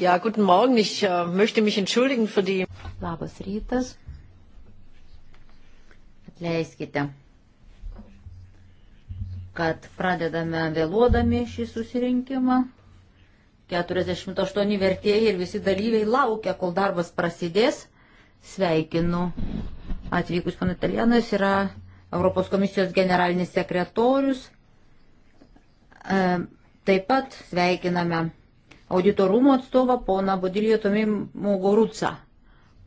Ja, guten Morgen. Ich äh, möchte mich entschuldigen für die. Labas rytas. Atleiskite, kad pradedame vėluodami šį susirinkimą. 48 vertėjai ir visi dalyviai laukia, kol darbas prasidės. Sveikinu. Atvykus pana Italianas yra Europos komisijos generalinis sekretorius. E, taip pat sveikiname auditorumo atstovą poną Bodilijo Tomimų Gorucą,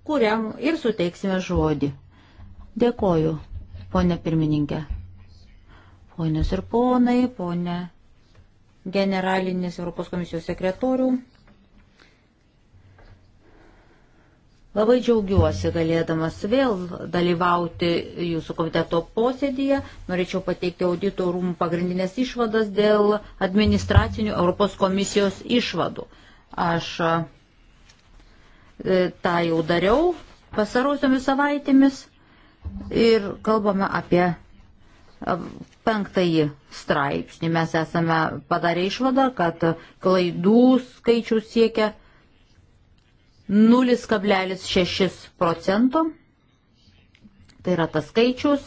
kuriam ir suteiksime žodį. Dėkoju, ponė pirmininkė. Ponios ir ponai, ponė generalinis Europos komisijos sekretorių, Labai džiaugiuosi galėdamas vėl dalyvauti jūsų komiteto posėdėje. Norėčiau pateikti audito rūmų pagrindinės išvadas dėl administracinių Europos komisijos išvadų. Aš e, tą jau dariau pasarosiomis savaitėmis ir kalbame apie e, penktąjį straipsnį. Mes esame padarę išvadą, kad klaidų skaičius siekia 0,6 procento. Tai yra tas skaičius,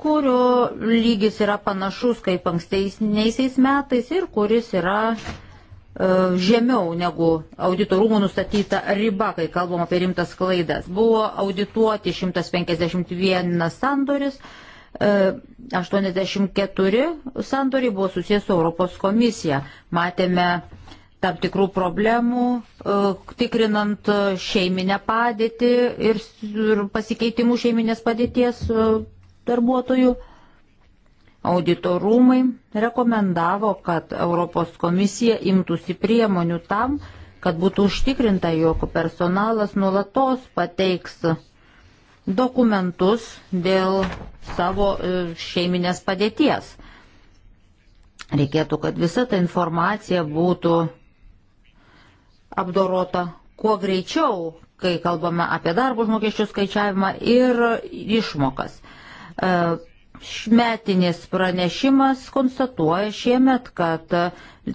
kurio lygis yra panašus kaip anksteisniaisiais metais ir kuris yra e, žemiau negu auditorumų nustatyta riba, kai kalbam apie rimtas klaidas. Buvo audituoti 151 sandoris, 84 e, sandoriai buvo susijęs su Europos komisija. Matėme tam tikrų problemų, e, tikrinant e, šeiminę padėtį ir pasikeitimų šeiminės padėties e, darbuotojų. Auditorumai rekomendavo, kad Europos komisija imtųsi priemonių tam, kad būtų užtikrinta, jog personalas nulatos pateiks dokumentus dėl savo šeiminės padėties. Reikėtų, kad visa ta informacija būtų apdorota kuo greičiau, kai kalbame apie darbo žmokesčių skaičiavimą ir išmokas. Šmetinis e, pranešimas konstatuoja šiemet, kad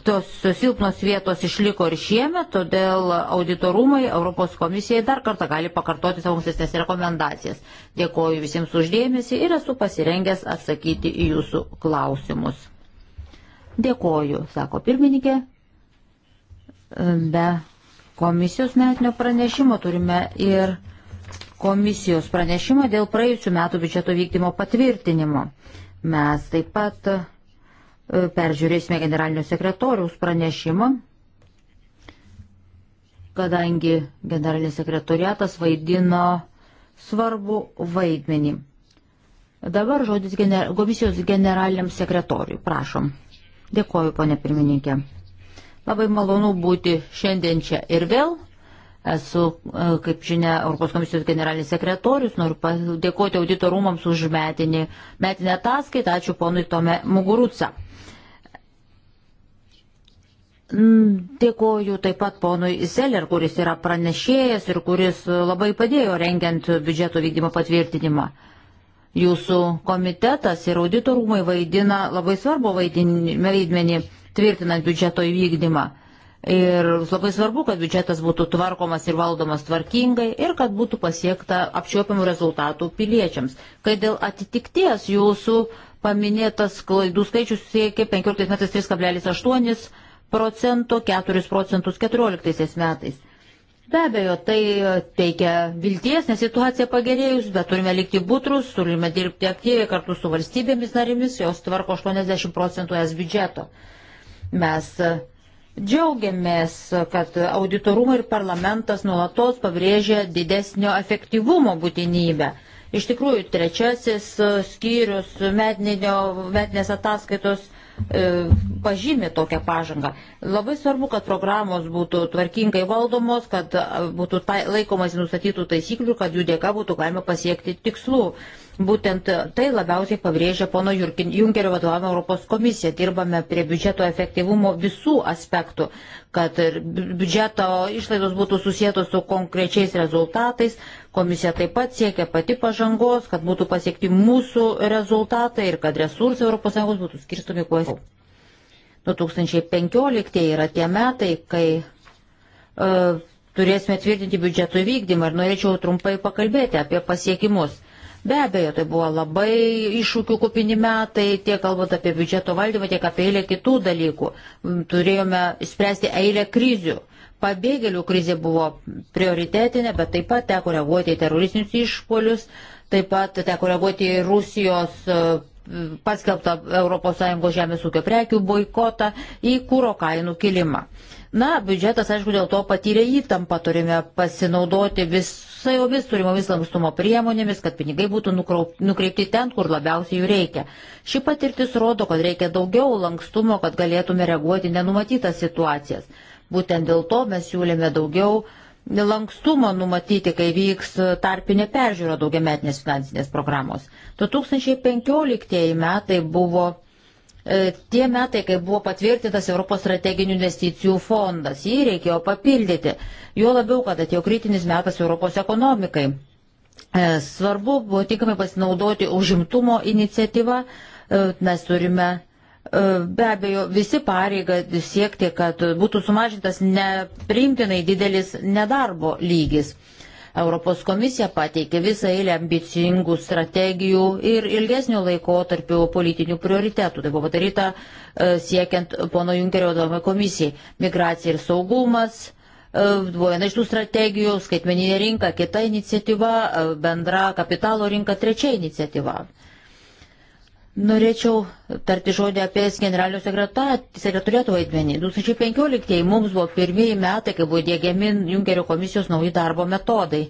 tos silpnos vietos išliko ir šiemet, todėl auditorumai Europos komisijai dar kartą gali pakartoti savo ankstesnės rekomendacijas. Dėkoju visiems uždėmesi ir esu pasirengęs atsakyti į jūsų klausimus. Dėkoju, sako pirmininkė, be komisijos metinio pranešimo turime ir komisijos pranešimą dėl praėjusių metų biudžeto vykdymo patvirtinimo. Mes taip pat e, peržiūrėsime generalinio sekretoriaus pranešimą, kadangi generalinis sekretoriatas vaidino svarbu vaidmenį. Dabar žodis gener komisijos generaliniam sekretoriui. Prašom. Dėkoju, ponė pirmininkė. Labai malonu būti šiandien čia ir vėl. Esu, e, kaip žinia, Europos komisijos generalinis sekretorius. Noriu padėkoti auditorumams už metinį, metinę ataskaitą. Ačiū ponui Tome Muguruca. Dėkoju taip pat ponui Zeller, kuris yra pranešėjas ir kuris labai padėjo rengiant biudžeto vykdymo patvirtinimą. Jūsų komitetas ir auditorumai vaidina labai svarbu vaidmenį tvirtinant biudžeto įvykdymą. Ir labai svarbu, kad biudžetas būtų tvarkomas ir valdomas tvarkingai ir kad būtų pasiekta apčiuopiamų rezultatų piliečiams. Kai dėl atitikties jūsų paminėtas klaidų skaičius siekia 15 metais 3,8 procento, 4 procentus 14 metais. Be abejo, tai teikia vilties, nes situacija pagerėjus, bet turime likti būtrus, turime dirbti aktyviai kartu su valstybėmis narimis, jos tvarko 80 procentų es biudžeto. Mes džiaugiamės, kad auditorumai ir parlamentas nuolatos pabrėžia didesnio efektyvumo būtinybę. Iš tikrųjų, trečiasis skyrius metinės ataskaitos E, pažymė tokią pažangą. Labai svarbu, kad programos būtų tvarkingai valdomos, kad būtų tai, laikomasi nustatytų taisyklių, kad jų dėka būtų galima pasiekti tikslų. Būtent tai labiausiai pabrėžia pono Junkerio vadovavimo Europos komisija. Dirbame prie biudžeto efektyvumo visų aspektų, kad biudžeto išlaidos būtų susijętos su konkrečiais rezultatais, Komisija taip pat siekia pati pažangos, kad būtų pasiekti mūsų rezultatai ir kad resursai ES būtų skirstomi kuo efektyviau. 2015 yra tie metai, kai e, turėsime tvirtinti biudžeto vykdymą ir norėčiau trumpai pakalbėti apie pasiekimus. Be abejo, tai buvo labai iššūkių kupini metai, tiek kalbant apie biudžeto valdymą, tiek apie eilę kitų dalykų. Turėjome spręsti eilę krizių. Pabėgėlių krizė buvo prioritetinė, bet taip pat teko reaguoti į teroristinius išpolius, taip pat teko reaguoti į Rusijos e, paskelbtą ES žemės ūkio prekių boikotą, į kūro kainų kilimą. Na, biudžetas, aišku, dėl to patyrė įtampą, turime pasinaudoti visomis turimomis lankstumo priemonėmis, kad pinigai būtų nukreipti ten, kur labiausiai jų reikia. Ši patirtis rodo, kad reikia daugiau lankstumo, kad galėtume reaguoti nenumatytas situacijas. Būtent dėl to mes siūlėme daugiau lankstumo numatyti, kai vyks tarpinė peržiūra daugiametinės finansinės programos. 2015 metai buvo e, tie metai, kai buvo patvirtintas Europos strateginių investicijų fondas. Jį reikėjo papildyti. Jo labiau, kad atėjo kritinis metas Europos ekonomikai. E, svarbu buvo tinkamai pasinaudoti užimtumo iniciatyvą. E, mes turime E, be abejo, visi pareiga siekti, kad būtų sumažintas nepriimtinai didelis nedarbo lygis. Europos komisija pateikė visą eilę ambicingų strategijų ir ilgesnio laiko tarp politinių prioritetų. Tai buvo padaryta e, siekiant pono Junkerio vadovavimo komisijai. Migracija ir saugumas e, buvo viena iš tų strategijų, skaitmeninė rinka, kita iniciatyva, bendra kapitalo rinka, trečia iniciatyva. Norėčiau tarti žodį apie generalinio sekretoriato vaidmenį. 2015 mums buvo pirmieji metai, kai buvo dėgiami Junkerio komisijos nauji darbo metodai.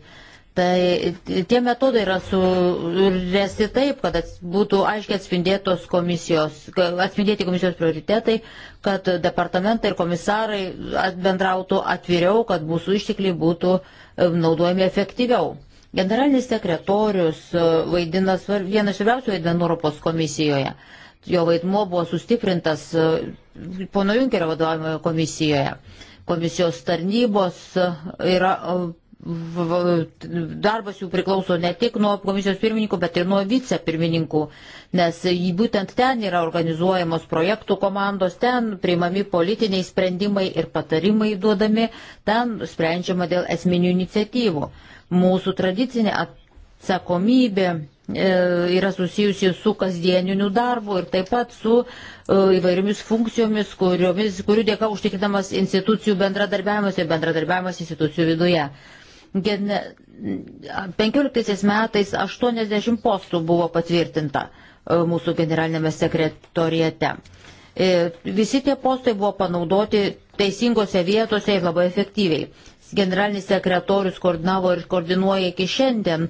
Tai tie metodai yra suresti taip, kad būtų aiškiai atspindėtos komisijos, atspindėti komisijos prioritetai, kad departamentai ir komisarai bendrautų atviriau, kad mūsų ištekliai būtų e, naudojami efektyviau. Generalinis sekretorius e, vaidina vieną svarbiausių vaidmenų Europos komisijoje. Jo vaidmuo buvo sustiprintas e, pono Junkerio vadovavimo komisijoje. Komisijos tarnybos e, yra darbas jų priklauso ne tik nuo komisijos pirmininkų, bet ir nuo vicepirmininkų, nes būtent ten yra organizuojamos projektų komandos, ten priimami politiniai sprendimai ir patarimai duodami, ten sprendžiama dėl esminių iniciatyvų. Mūsų tradicinė atsakomybė e, yra susijusi su kasdieniniu darbu ir taip pat su e, įvairiomis funkcijomis, kuriomis, kurių dėka užtikrinamas institucijų bendradarbiavimas ir bendradarbiavimas institucijų viduje. Gen... 15 metais 80 postų buvo patvirtinta e, mūsų generalinėme sekretorijete. Visi tie postai buvo panaudoti teisingose vietose ir labai efektyviai generalinis sekretorius koordinavo ir koordinuoja iki šiandien e,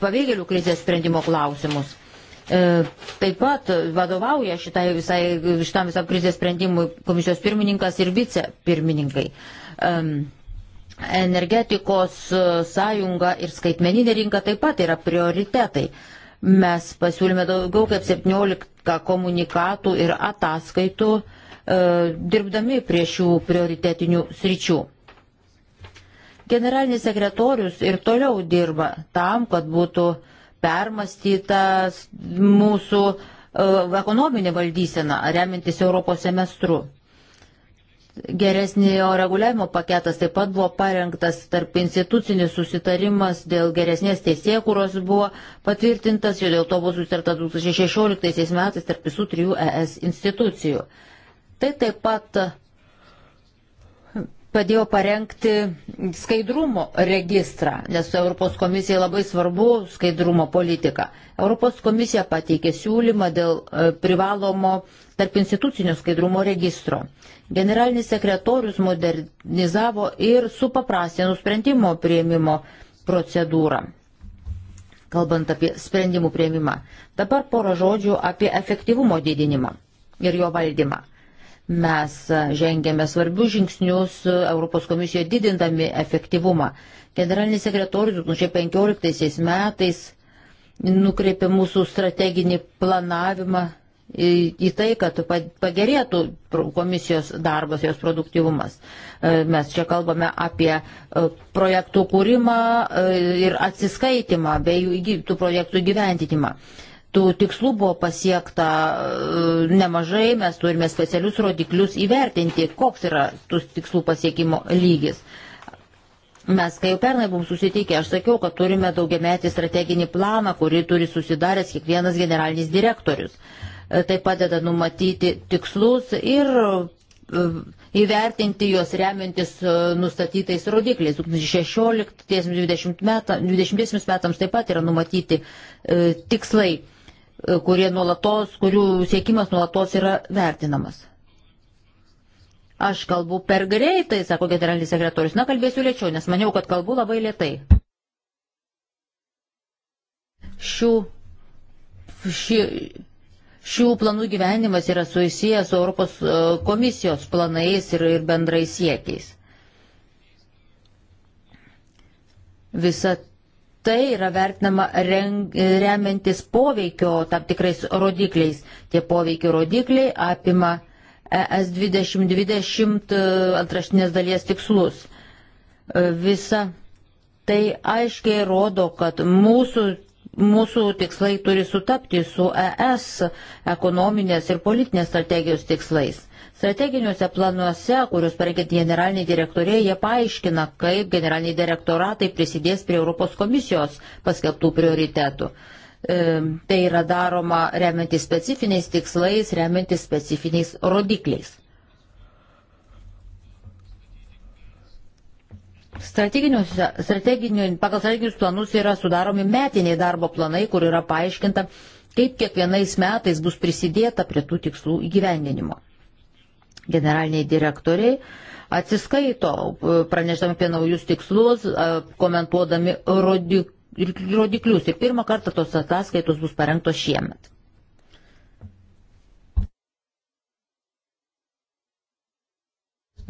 pavėgėlių krizės sprendimo klausimus. E, taip pat vadovauja šitai visai, šitam visam krizės sprendimui komisijos pirmininkas ir vicepirmininkai. Energetikos e, sąjunga ir skaitmeninė rinka taip pat yra prioritetai. Mes pasiūlėme daugiau kaip 17 komunikatų ir ataskaitų uh, E, dirbdami prie šių prioritetinių sričių. Generalinis sekretorius ir toliau dirba tam, kad būtų permastytas mūsų e, ekonominė valdysena, remintis Europos semestru. Geresnio reguliavimo paketas taip pat buvo parengtas tarp institucinis susitarimas dėl geresnės teisėkuros buvo patvirtintas ir dėl to buvo susitarta 2016 metais tarp visų trijų ES institucijų. Tai taip pat padėjo parengti skaidrumo registrą, nes Europos komisijai labai svarbu skaidrumo politika. Europos komisija pateikė siūlymą dėl e, privalomo tarp institucinio skaidrumo registro. Generalinis sekretorius modernizavo ir supaprastino sprendimo prieimimo procedūrą. Kalbant apie sprendimų prieimimą. Dabar porą žodžių apie efektyvumo didinimą ir jo valdymą. Mes žengėme svarbius žingsnius Europos komisijoje didindami efektyvumą. Generalinis sekretorius 2015 metais nukreipė mūsų strateginį planavimą į tai, kad pagerėtų komisijos darbas, jos produktyvumas. E, mes čia kalbame apie e, projektų kūrimą e, ir atsiskaitimą bei jų tų projektų gyventinimą. Tų tikslų buvo pasiekta e, nemažai, mes turime specialius rodiklius įvertinti, koks yra tų tikslų pasiekimo lygis. Mes, kai jau pernai buvom susitikę, aš sakiau, kad turime daugiametį strateginį planą, kurį turi susidaręs kiekvienas generalinis direktorius. E, tai padeda numatyti tikslus ir e, įvertinti juos remiantis nustatytais rodikliais. 2016-2020 metams taip pat yra numatyti tikslai E, kurie nuolatos, kurių siekimas nuolatos yra vertinamas. Aš kalbu per greitai, sako generalinis sekretorius. Na, kalbėsiu lėčiau, nes maniau, kad kalbu labai lėtai. Šių, ši, šių planų gyvenimas yra susijęs su Europos e, komisijos planais ir, ir bendrais siekiais. Visa tai yra vertinama remiantis poveikio tam tikrais rodikliais. Tie poveikio rodikliai apima ES 2020 e, antraštinės dalies tikslus. E, visa tai aiškiai rodo, kad mūsų, mūsų tikslai turi sutapti su ES ekonominės ir politinės strategijos tikslais. Strateginiuose planuose, kuriuos parengėt generaliniai direktoriai, jie paaiškina, kaip generaliniai direktoratai prisidės prie Europos komisijos paskelbtų prioritetų. E, tai yra daroma remiantis specifiniais tikslais, remiantis specifiniais rodikliais. Strateginių, pagal strateginius planus yra sudaromi metiniai darbo planai, kur yra paaiškinta, kaip kiekvienais metais bus prisidėta prie tų tikslų įgyvendinimo generaliniai direktoriai atsiskaito, e, pranešdami apie naujus tikslus, e, komentuodami rodiklius. Ir pirmą kartą tos ataskaitos bus parengtos šiemet.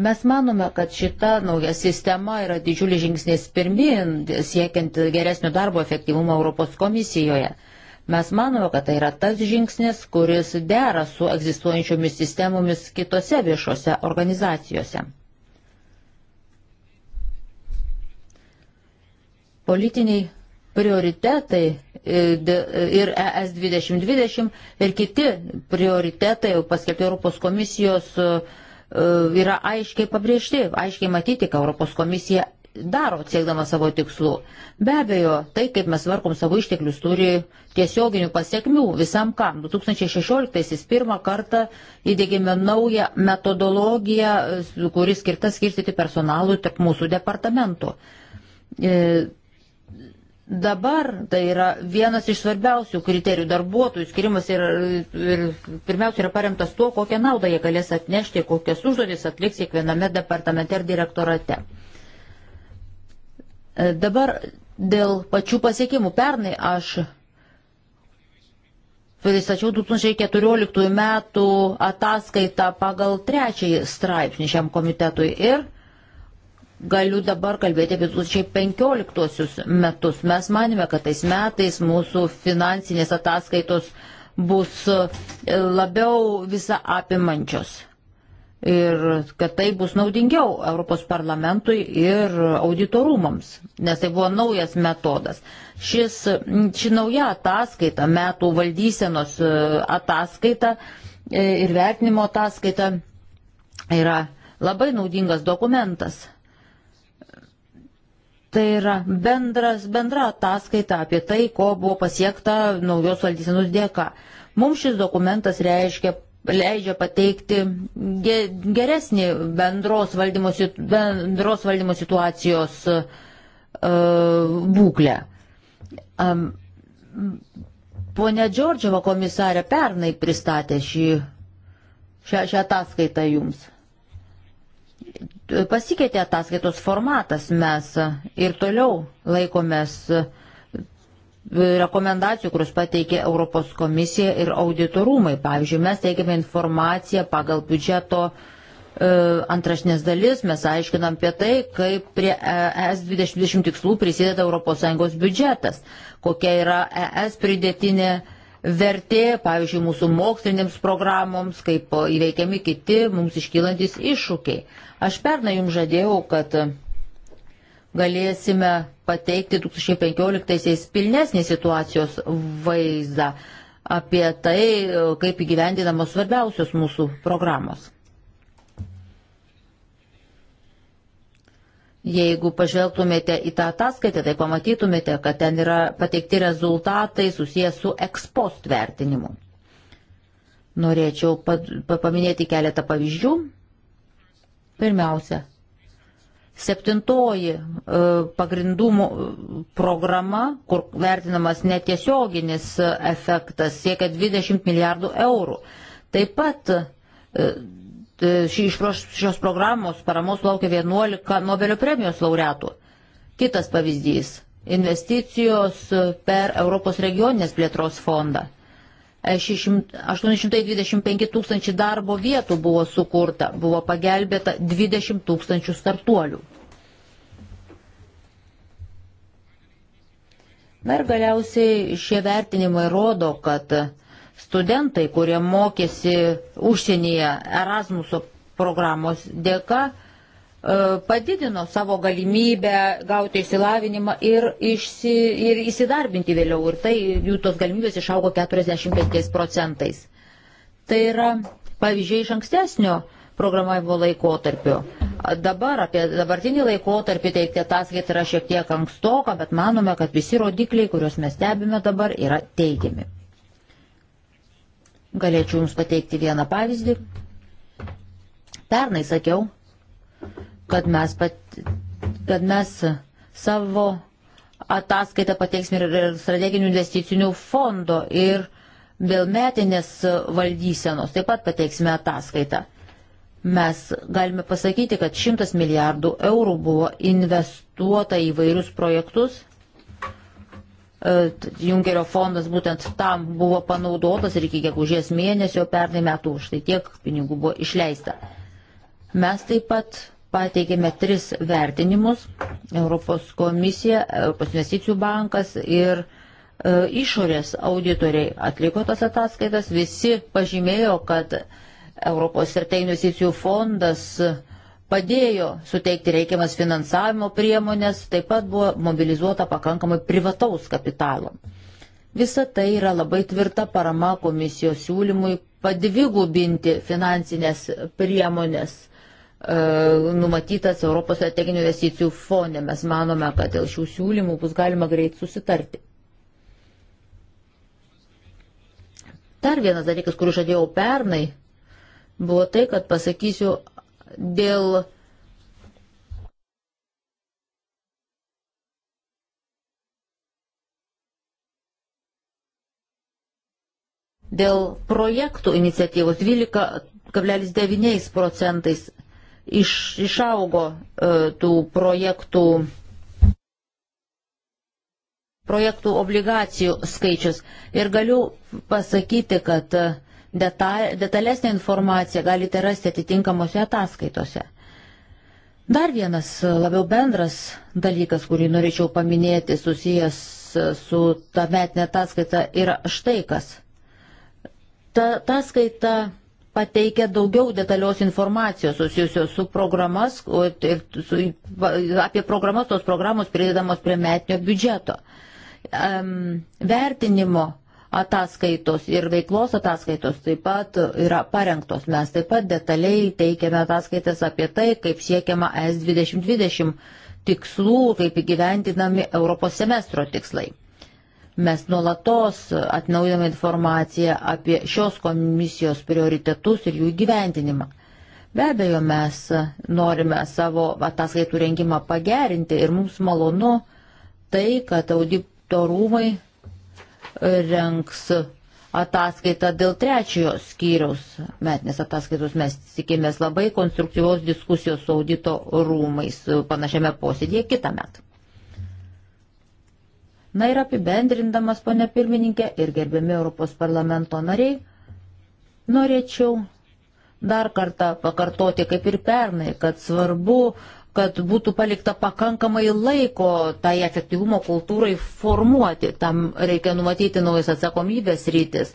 Mes manome, kad šita nauja sistema yra didžiulis žingsnis pirmin, siekiant geresnio darbo efektyvumo Europos komisijoje. Mes manome, kad tai yra tas žingsnis, kuris dera su egzistuojančiomis sistemomis kitose viešose organizacijose. Politiniai prioritetai ir ES 2020 ir kiti prioritetai paskelbti Europos komisijos e, yra aiškiai pabrėžti, aiškiai matyti, kad Europos komisija daro siekdama savo tikslų. Be abejo, tai, kaip mes varkom savo išteklius, turi tiesioginių pasiekmių visam kam. 2016-aisiais pirmą kartą įdėgėme naują metodologiją, kuri skirta skirstyti personalui tarp mūsų departamentų. E, dabar tai yra vienas iš svarbiausių kriterijų darbuotojų skirimas ir, ir pirmiausia yra paremtas tuo, kokią naudą jie galės atnešti, kokias užduotis atliks kiekviename departamente ir direktorate. E, dabar dėl pačių pasiekimų. Pernai aš pristačiau 2014 metų ataskaitą pagal trečiąjį straipsnį šiam komitetui ir galiu dabar kalbėti apie 2015 metus. Mes manime, kad tais metais mūsų finansinės ataskaitos bus labiau visą apimančios ir kad tai bus naudingiau Europos parlamentui ir auditorumams, nes tai buvo naujas metodas. Šis, ši nauja ataskaita, metų valdysenos e, ataskaita e, ir vertinimo ataskaita yra labai naudingas dokumentas. Tai yra bendras, bendra ataskaita apie tai, ko buvo pasiekta naujos valdysenos dėka. Mums šis dokumentas reiškia leidžia pateikti geresnį bendros valdymo, bendros valdymo situacijos e, būklę. Pone Džordžiava komisarė pernai pristatė šį, šią, šią ataskaitą jums. Pasikeitė ataskaitos formatas, mes ir toliau laikomės uh, rekomendacijų, kurios pateikė Europos komisija ir auditorumai. Pavyzdžiui, mes teikiame informaciją pagal biudžeto e, antrašnės dalis, mes aiškinam apie tai, kaip prie ES 2020 tikslų prisideda ES biudžetas, kokia yra ES pridėtinė vertė, pavyzdžiui, mūsų mokslinėms programoms, kaip įveikiami kiti mums iškylantis iššūkiai. Aš pernai jums žadėjau, kad galėsime pateikti 2015-aisiais pilnesnį situacijos vaizdą apie tai, kaip įgyvendinamos svarbiausios mūsų programos. Jeigu pažvelgtumėte į tą ataskaitę, tai pamatytumėte, kad ten yra pateikti rezultatai susijęs su ekspost vertinimu. Norėčiau paminėti keletą pavyzdžių. Pirmiausia, Septintoji e, pagrindų programa, kur vertinamas netiesioginis efektas, siekia 20 milijardų eurų. Taip pat e, ši, šios programos paramos laukia 11 Nobelio premijos laureatų. Kitas pavyzdys - investicijos per Europos regioninės plėtros fondą. 825 tūkstančių darbo vietų buvo sukurta, buvo pagelbėta 20 tūkstančių startuolių. Na ir galiausiai šie vertinimai rodo, kad studentai, kurie mokėsi užsienyje Erasmuso programos dėka, E, padidino savo galimybę gauti išsilavinimą ir, išsi, ir įsidarbinti vėliau. Ir tai jų tos galimybės išaugo 45 procentais. Tai yra pavyzdžiai iš ankstesnio programavimo laikotarpio. Dabar apie dabartinį laikotarpį teikti ataskaitą yra šiek tiek ankstoka, bet manome, kad visi rodikliai, kuriuos mes stebime dabar, yra teigiami. Galėčiau Jums pateikti vieną pavyzdį. Pernai sakiau, kad mes, pat, kad mes savo ataskaitą pateiksime ir strateginių investicinių fondo ir dėl metinės valdysenos taip pat pateiksime ataskaitą. Mes galime pasakyti, kad 100 milijardų eurų buvo investuota į vairius projektus. E, Junkerio fondas būtent tam buvo panaudotas ir iki gegužės mėnesio pernai metų štai tiek pinigų buvo išleista. Mes taip pat pateikėme tris vertinimus - Europos komisija, Europos investicijų bankas ir e, išorės auditoriai atliko tas ataskaitas. Visi pažymėjo, kad Europos ir tai investicijų fondas padėjo suteikti reikiamas finansavimo priemonės, taip pat buvo mobilizuota pakankamai privataus kapitalo. Visa tai yra labai tvirta parama komisijos siūlymui padvigubinti finansinės priemonės E, numatytas Europos strateginių investicijų fonde. Mes manome, kad dėl šių siūlymų bus galima greit susitarti. Dar vienas dalykas, kurį žadėjau pernai, buvo tai, kad pasakysiu dėl. Dėl projektų iniciatyvos 12,9 procentais iš, išaugo e, tų projektų, projektų obligacijų skaičius. Ir galiu pasakyti, kad e, detal, detalesnė informacija galite rasti atitinkamose ataskaitose. Dar vienas e, labiau bendras dalykas, kurį norėčiau paminėti, susijęs su ta metinė ataskaita, yra štai kas. Ta ataskaita pateikia daugiau detalios informacijos susijusios su programas ir su, apie programas tos programos pridedamos prie metinio biudžeto. Um, vertinimo ataskaitos ir veiklos ataskaitos taip pat yra parengtos. Mes taip pat detaliai teikiame ataskaitas apie tai, kaip siekiama S2020 tikslų, kaip įgyvendinami Europos semestro tikslai. Mes nuolatos atnaujame informaciją apie šios komisijos prioritetus ir jų gyventinimą. Be abejo, mes norime savo ataskaitų rengimą pagerinti ir mums malonu tai, kad auditorumai renks ataskaitą dėl trečiojo skyriaus metinės ataskaitos. Mes tikimės labai konstruktyvios diskusijos su audito rūmais panašiame posėdėje kitą metą. Na ir apibendrindamas, ponė pirmininkė, ir gerbiami Europos parlamento nariai, norėčiau dar kartą pakartoti, kaip ir pernai, kad svarbu, kad būtų palikta pakankamai laiko tai efektyvumo kultūrai formuoti. Tam reikia numatyti naujas atsakomybės rytis.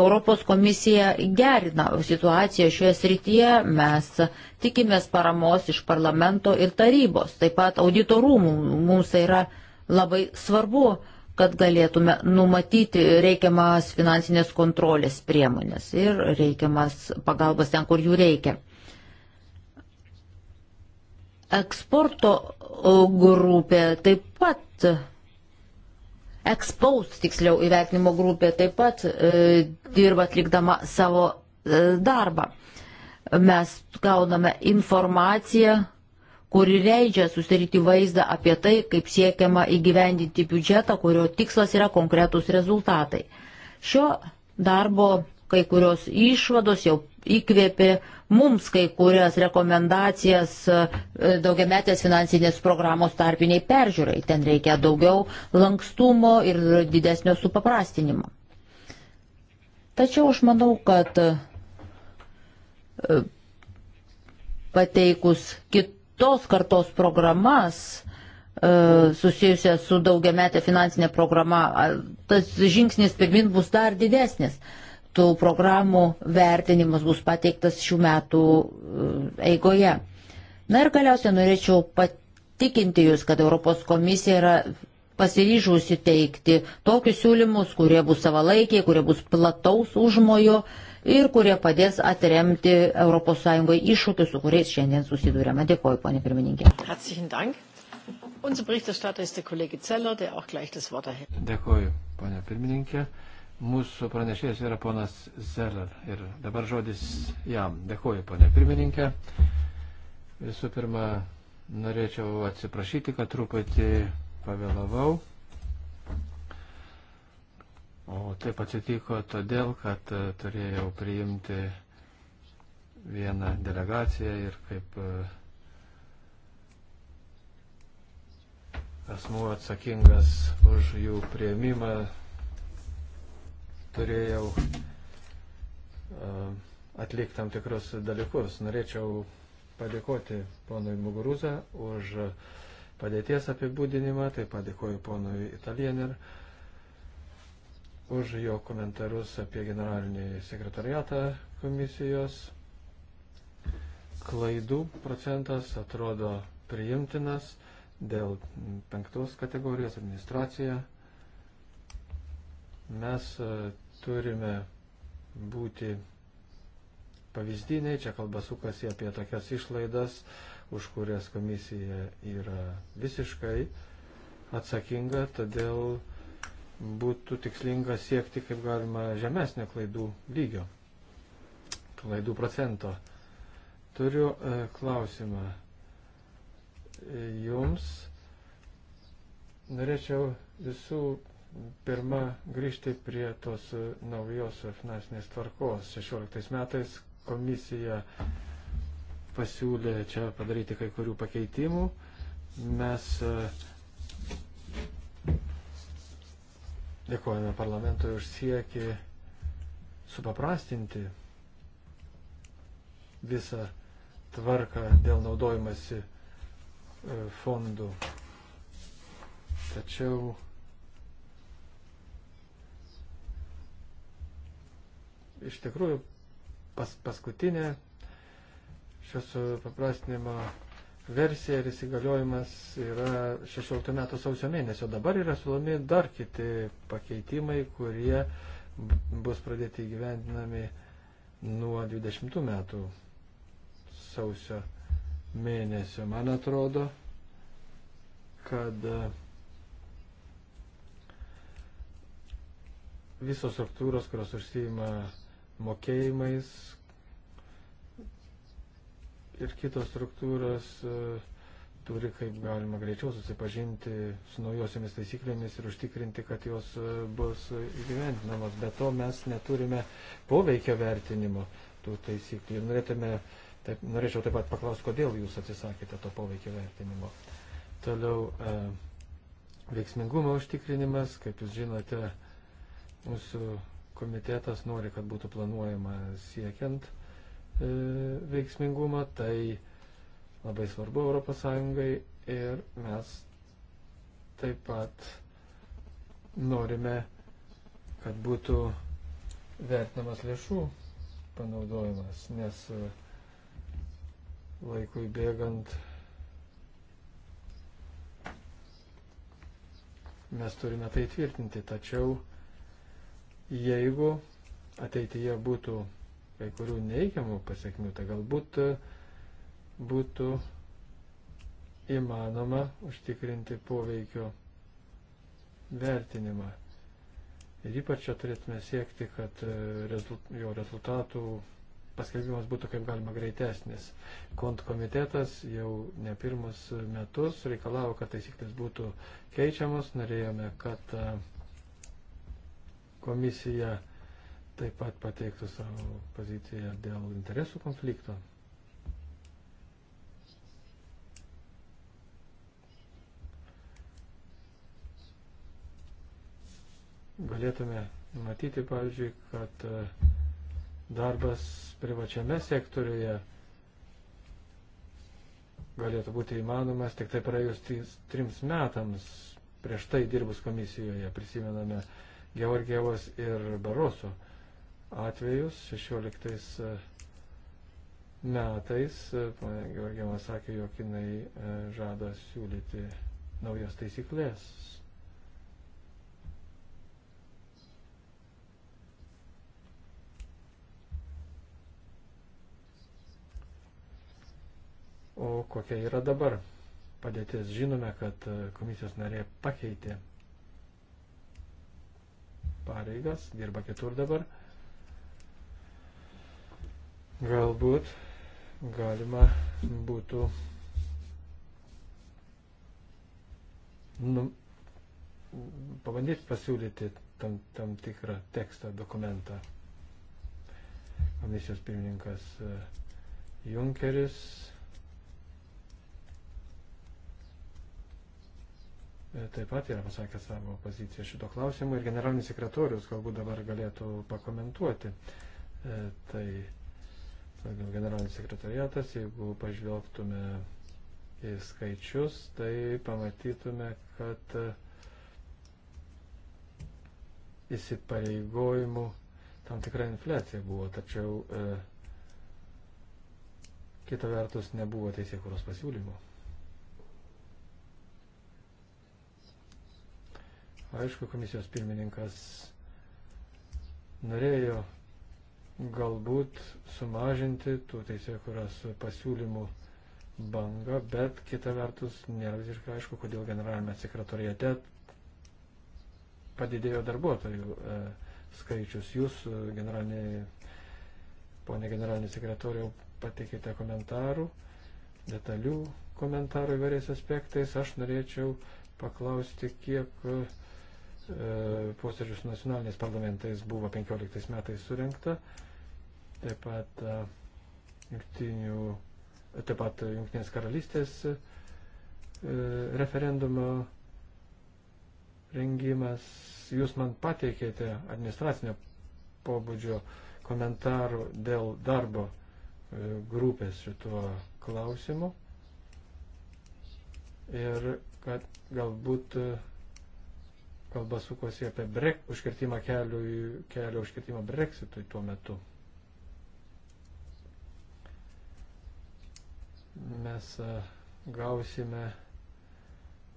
Europos komisija gerina situaciją šioje srityje. Mes tikimės paramos iš parlamento ir tarybos. Taip pat auditorų mums tai yra Labai svarbu, kad galėtume numatyti reikiamas finansinės kontrolės priemonės ir reikiamas pagalbas ten, kur jų reikia. Eksporto grupė taip pat, ekspaus tiksliau įvertinimo grupė taip pat e, dirba atlikdama savo e, darbą. Mes gauname informaciją kuri leidžia susidaryti vaizdą apie tai, kaip siekiama įgyvendinti biudžetą, kurio tikslas yra konkretūs rezultatai. Šio darbo kai kurios išvados jau įkvėpė mums kai kurias rekomendacijas e, daugiametės finansinės programos tarpiniai peržiūrai. Ten reikia daugiau lankstumo ir didesnio supaprastinimo. Tačiau aš manau, kad e, pateikus kit kitos kartos programas e, susijusią su daugiametė finansinė programa, tas žingsnis pirmin bus dar didesnis. Tų programų vertinimas bus pateiktas šių metų e, eigoje. Na ir galiausiai norėčiau patikinti Jūs, kad Europos komisija yra pasiryžusi teikti tokius siūlymus, kurie bus savalaikiai, kurie bus plataus užmojo, uh, ir kurie padės atremti ES iššūkius, su kuriais šiandien susidūrėme. Dėkuoju, ponė pirmininkė. Dėkuoju, ponė pirmininkė. Mūsų pranešėjas yra ponas Zeller ir dabar žodis jam. Dėkuoju, ponė pirmininkė. Visų pirma, norėčiau atsiprašyti, kad truputį pavėlavau. O taip atsitiko todėl, kad e, turėjau priimti vieną delegaciją ir kaip e, asmuo atsakingas už jų prieimimą turėjau e, atlikti tam tikrus dalykus. Norėčiau padėkoti ponui Muguruza už padėties apibūdinimą, taip padėkoju ponui Italiener. Ir už jo komentarus apie generalinį sekretariatą komisijos. Klaidų procentas atrodo priimtinas dėl penktos kategorijos administracija. Mes e, turime būti pavyzdiniai, čia kalba sukasi apie tokias išlaidas, už kurias komisija yra visiškai atsakinga, todėl būtų tikslinga siekti kaip galima žemesnio klaidų lygio, klaidų procento. Turiu e, klausimą e, jums. Norėčiau visų pirma grįžti prie tos e, naujos finansinės tvarkos. 16 metais komisija pasiūlė čia padaryti kai kurių pakeitimų. Mes e, Dėkojame parlamentui už siekį supaprastinti visą tvarką dėl naudojimasi e, fondų. Tačiau iš tikrųjų pas, paskutinė šios paprastinimo versija ir įsigaliojimas yra 16 metų sausio mėnesio. Dabar yra sulomi dar kiti pakeitimai, kurie bus pradėti įgyvendinami nuo 20 metų sausio mėnesio. Man atrodo, kad visos struktūros, kurios užsijima mokėjimais, ir kitos struktūros e, turi kaip galima greičiau susipažinti su naujosiamis taisyklėmis ir užtikrinti, kad jos e, bus įgyvendinamos. Be to mes neturime poveikio vertinimo tų taisyklių. Ir norėtume, taip, norėčiau taip pat paklausti, kodėl jūs atsisakėte to poveikio vertinimo. Toliau e, veiksmingumo užtikrinimas, kaip jūs žinote, mūsų komitetas nori, kad būtų planuojama siekiant E, veiksmingumą, tai labai svarbu ES ir mes taip pat norime, kad būtų vertinamas lėšų panaudojimas, nes e, laikui bėgant mes turime tai tvirtinti. Tačiau jeigu ateityje būtų kai kurių neigiamų pasiekmių, tai galbūt e, būtų įmanoma užtikrinti poveikio vertinimą. Ir ypač čia turėtume siekti, kad e, rezult, jo rezultatų paskelbimas būtų kaip galima greitesnis. Kont komitetas jau ne pirmus metus reikalavo, kad taisyklės būtų keičiamos. Norėjome, kad e, komisija taip pat pateiktų savo poziciją dėl interesų konflikto. Galėtume matyti, pavyzdžiui, kad e, darbas privačiame sektoriuje galėtų būti įmanomas tik tai praėjus trims metams prieš tai dirbus komisijoje, prisimename Georgievos ir Baroso atvejus 16 e, metais. Pane Georgieva sakė, jog jinai e, žada siūlyti naujas taisyklės. O kokia yra dabar padėtis? Žinome, kad e, komisijos narė pakeitė pareigas, dirba kitur dabar. Galbūt galima būtų nu, pabandyti pasiūlyti tam, tam tikrą tekstą, dokumentą. Komisijos pirmininkas e, Junkeris e, taip pat yra pasakęs savo poziciją šito klausimu ir generalinis sekretorius galbūt dabar galėtų pakomentuoti. E, tai sakant, generalinis sekretariatas, jeigu pažvelgtume į skaičius, tai pamatytume, kad e, įsipareigojimų tam tikra infliacija buvo, tačiau e, kita vertus nebuvo teisėkuros pasiūlymų. Aišku, komisijos pirmininkas norėjo galbūt sumažinti tų teisėkuros pasiūlymų bangą, bet kita vertus nėra visiškai aišku, kodėl generalinėme sekretorijate padidėjo darbuotojų e, skaičius. Jūs, e, generalinė, ponė generalinė sekretorija, pateikite komentarų, detalių komentarų įvairiais aspektais. Aš norėčiau paklausti, kiek e, posėdžių su nacionaliniais parlamentais buvo 15 metais surinkta. E, taip pat e, jungtinių, taip pat jungtinės karalystės e, referendumo rengimas. Jūs man pateikėte administracinio pobūdžio komentarų dėl darbo e, grupės šituo klausimu ir kad galbūt kalba sukosi apie brek, užkirtimą kelių, kelio užkirtimą breksitui tuo metu. mes e, gausime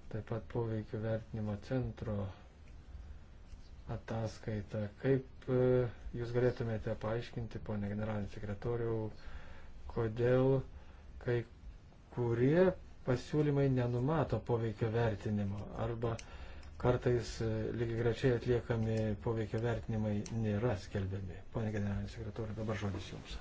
taip pat poveikio vertinimo centro ataskaitą. Kaip e, jūs galėtumėte paaiškinti, ponė generalinė sekretoriau, kodėl kai kurie pasiūlymai nenumato poveikio vertinimo arba uh, kartais e, lygiai grečiai atliekami poveikio vertinimai nėra skelbiami. Pone generalinė sekretorė, dabar žodis jums.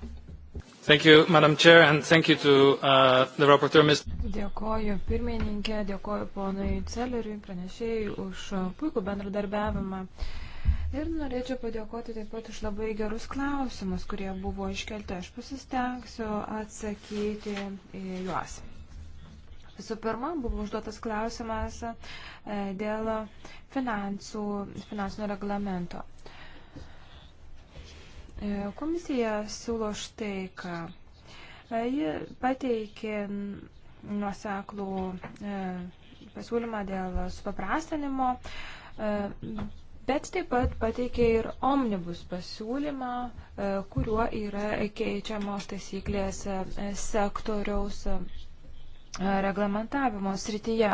Thank you, Madam Chair, and thank you to uh, the rapporteur, Ms. Dėkoju pirmininkė, dėkoju ponui Celeriui, pranešėjai, už uh, puikų bendradarbiavimą. Ir norėčiau padėkoti taip pat už labai gerus klausimus, kurie buvo iškelti. Aš pasistengsiu atsakyti į juos. Visų pirma, buvo užduotas klausimas e, dėl finansų, finansinio reglamento. E, komisija siūlo štai, ką e, ji pateikė nuoseklų pasiūlymą dėl supaprastinimo, bet taip pat pateikė ir omnibus pasiūlymą, kuriuo yra keičiamos taisyklės sektoriaus E, reglamentavimo srityje.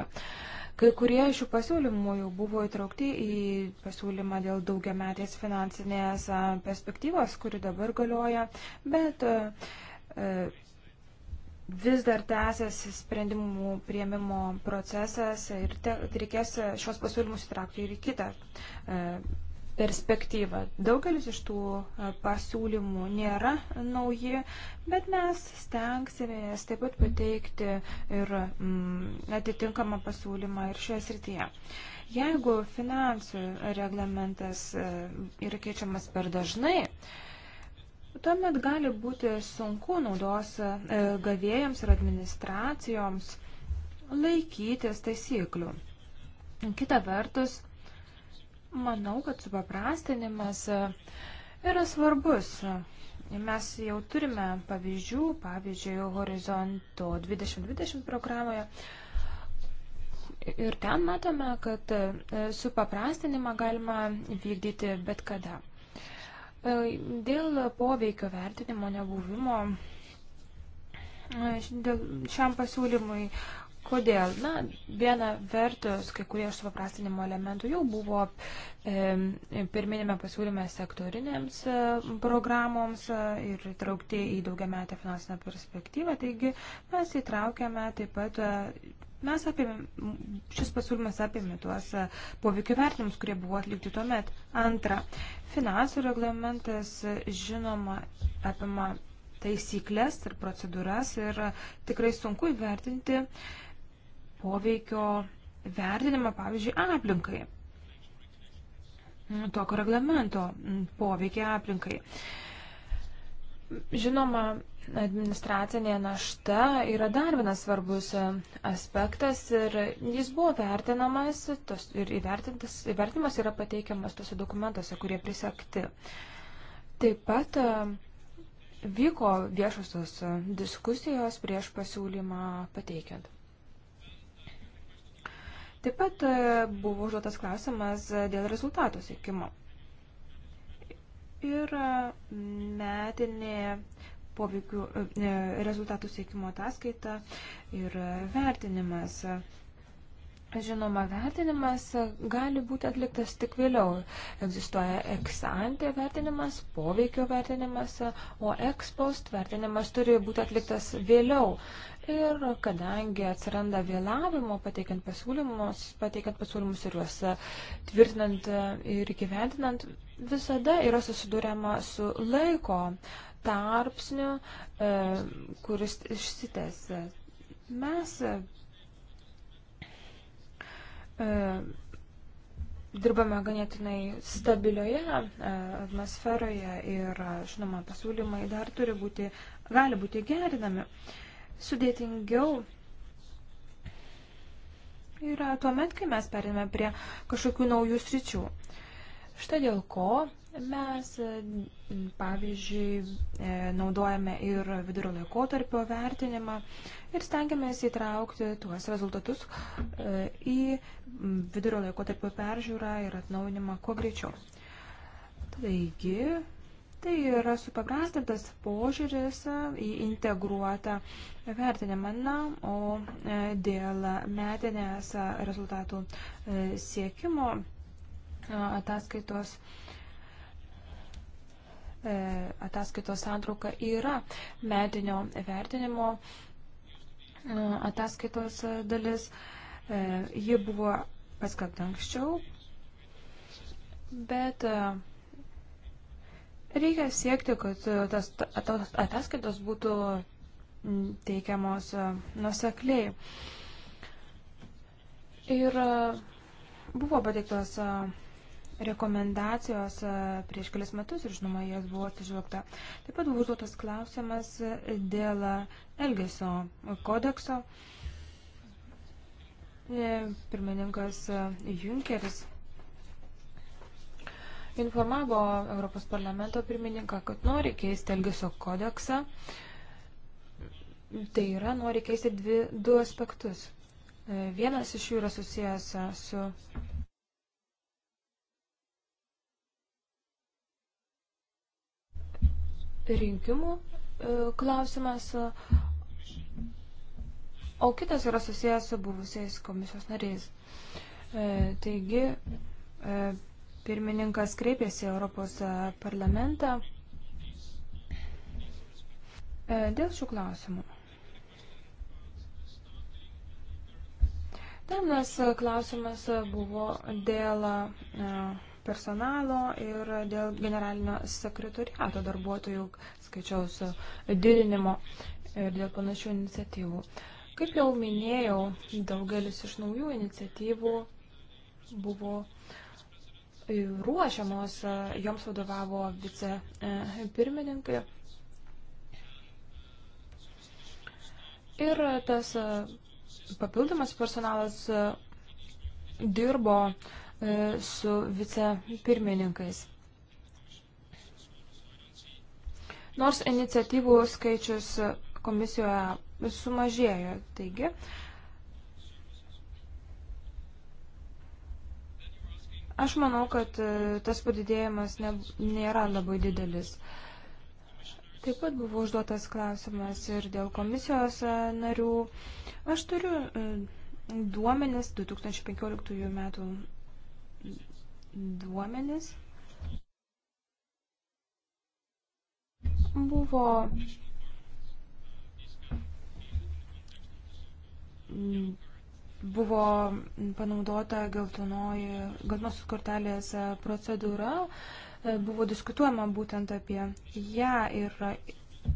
Kai kurie šių pasiūlymų jau buvo įtraukti į pasiūlymą dėl daugiametės finansinės e, perspektyvos, kuri dabar galioja, bet e, vis dar tęsiasi sprendimų prieimimo procesas ir te, reikės šios pasiūlymus įtraukti ir į kitą perspektyvą. Daugelis iš tų e, pasiūlymų nėra nauji, bet mes stengsimės taip pat pateikti ir mm, atitinkamą pasiūlymą ir šioje srityje. Jeigu finansų reglamentas e, yra keičiamas per dažnai, tuomet gali būti sunku naudos e, gavėjams ir administracijoms laikytis taisyklių. Kita vertus, Manau, kad supaprastinimas e, yra svarbus. Mes jau turime pavyzdžių, pavyzdžiui, Horizonto 2020 programoje. Ir ten matome, kad e, supaprastinimą galima vykdyti bet kada. E, dėl poveikio vertinimo nebuvimo dėl šiam pasiūlymui Kodėl? Na, viena vertus, kai kurie iš supaprastinimo elementų jau buvo e, pirminėme pasiūlyme sektorinėms e, programoms e, ir traukti į daugiametę finansinę perspektyvą. Taigi mes įtraukėme taip pat. E, Mes apėmė, šis pasiūlymas apėmė tuos e, poveikio vertinimus, kurie buvo atlikti tuomet. Antra, finansų reglamentas e, žinoma apima taisyklės ir procedūras ir e, tikrai sunku įvertinti poveikio vertinimą, pavyzdžiui, aplinkai, tokio reglamento poveikia aplinkai. Žinoma, administracinė našta yra dar vienas svarbus aspektas ir jis buvo vertinamas tos, ir įvertimas yra pateikiamas tose dokumentuose, kurie prisekti. Taip pat e, vyko viešosios diskusijos prieš pasiūlymą pateikiant. Taip pat e, buvo užduotas klausimas e, dėl rezultatų sėkimo. Ir e, metinė poveikių rezultatų sėkimo ataskaita ir vertinimas Žinoma, vertinimas gali būti atliktas tik vėliau. Egzistuoja ex-ante vertinimas, poveikio vertinimas, o ex-post vertinimas turi būti atliktas vėliau. Ir kadangi atsiranda vėlavimo pateikiant pasiūlymus, pateikiant pasiūlymus ir juos tvirtinant ir gyventinant, visada yra susidūrėma su laiko tarpsniu, e, kuris išsitęsia. Mes E, dirbame ganėtinai stabilioje e, atmosferoje ir, žinoma, pasiūlymai dar turi būti, gali būti gerinami. Sudėtingiau yra tuo met, kai mes perėmėme prie kažkokių naujų sričių. Štai dėl ko Mes, pavyzdžiui, e, naudojame ir vidurio laikotarpio vertinimą ir stengiamės įtraukti tuos rezultatus e, į vidurio laikotarpio peržiūrą ir atnaujinimą kuo greičiau. Taigi, tai yra supaprastintas požiūris į integruotą vertinimą. Na, o e, dėl metinės rezultatų siekimo ataskaitos. E, E, ataskaitos santrauka yra metinio vertinimo e, ataskaitos dalis. E, ji buvo paskelbta anksčiau, bet reikia siekti, kad tas ataskaitos būtų teikiamos nusekliai. Ir buvo pateiktos rekomendacijos e, prieš kelias metus ir žinoma, jas buvo atsižvelgta. Taip pat buvo užduotas klausimas dėl Elgesio kodekso. E, pirmininkas Junkeris informavo Europos parlamento pirmininką, kad nori keisti Elgesio kodeksą. Tai yra, nori keisti dvi, du aspektus. E, vienas iš jų yra susijęs su rinkimų e, klausimas, o kitas yra susijęs su buvusiais komisijos nariais. E, taigi, e, pirmininkas kreipėsi Europos parlamentą dėl šių klausimų. Terminas klausimas buvo dėl uh, personalo ir dėl generalinio sekretoriato darbuotojų skaičiaus didinimo ir dėl panašių iniciatyvų. Kaip jau minėjau, daugelis iš naujų iniciatyvų buvo ruošiamos, joms vadovavo vicepirmininkai. Ir tas papildomas personalas dirbo uh, E, su vicepirmininkais. Nors iniciatyvų skaičius komisijoje sumažėjo, taigi. Aš manau, kad e, tas padidėjimas ne, nėra labai didelis. Taip pat buvo užduotas klausimas ir dėl komisijos e, narių. Aš turiu duomenis 2015 metų duomenis buvo buvo panaudota geltonoji, geltonosios kortelės procedūra, buvo diskutuojama būtent apie ją ir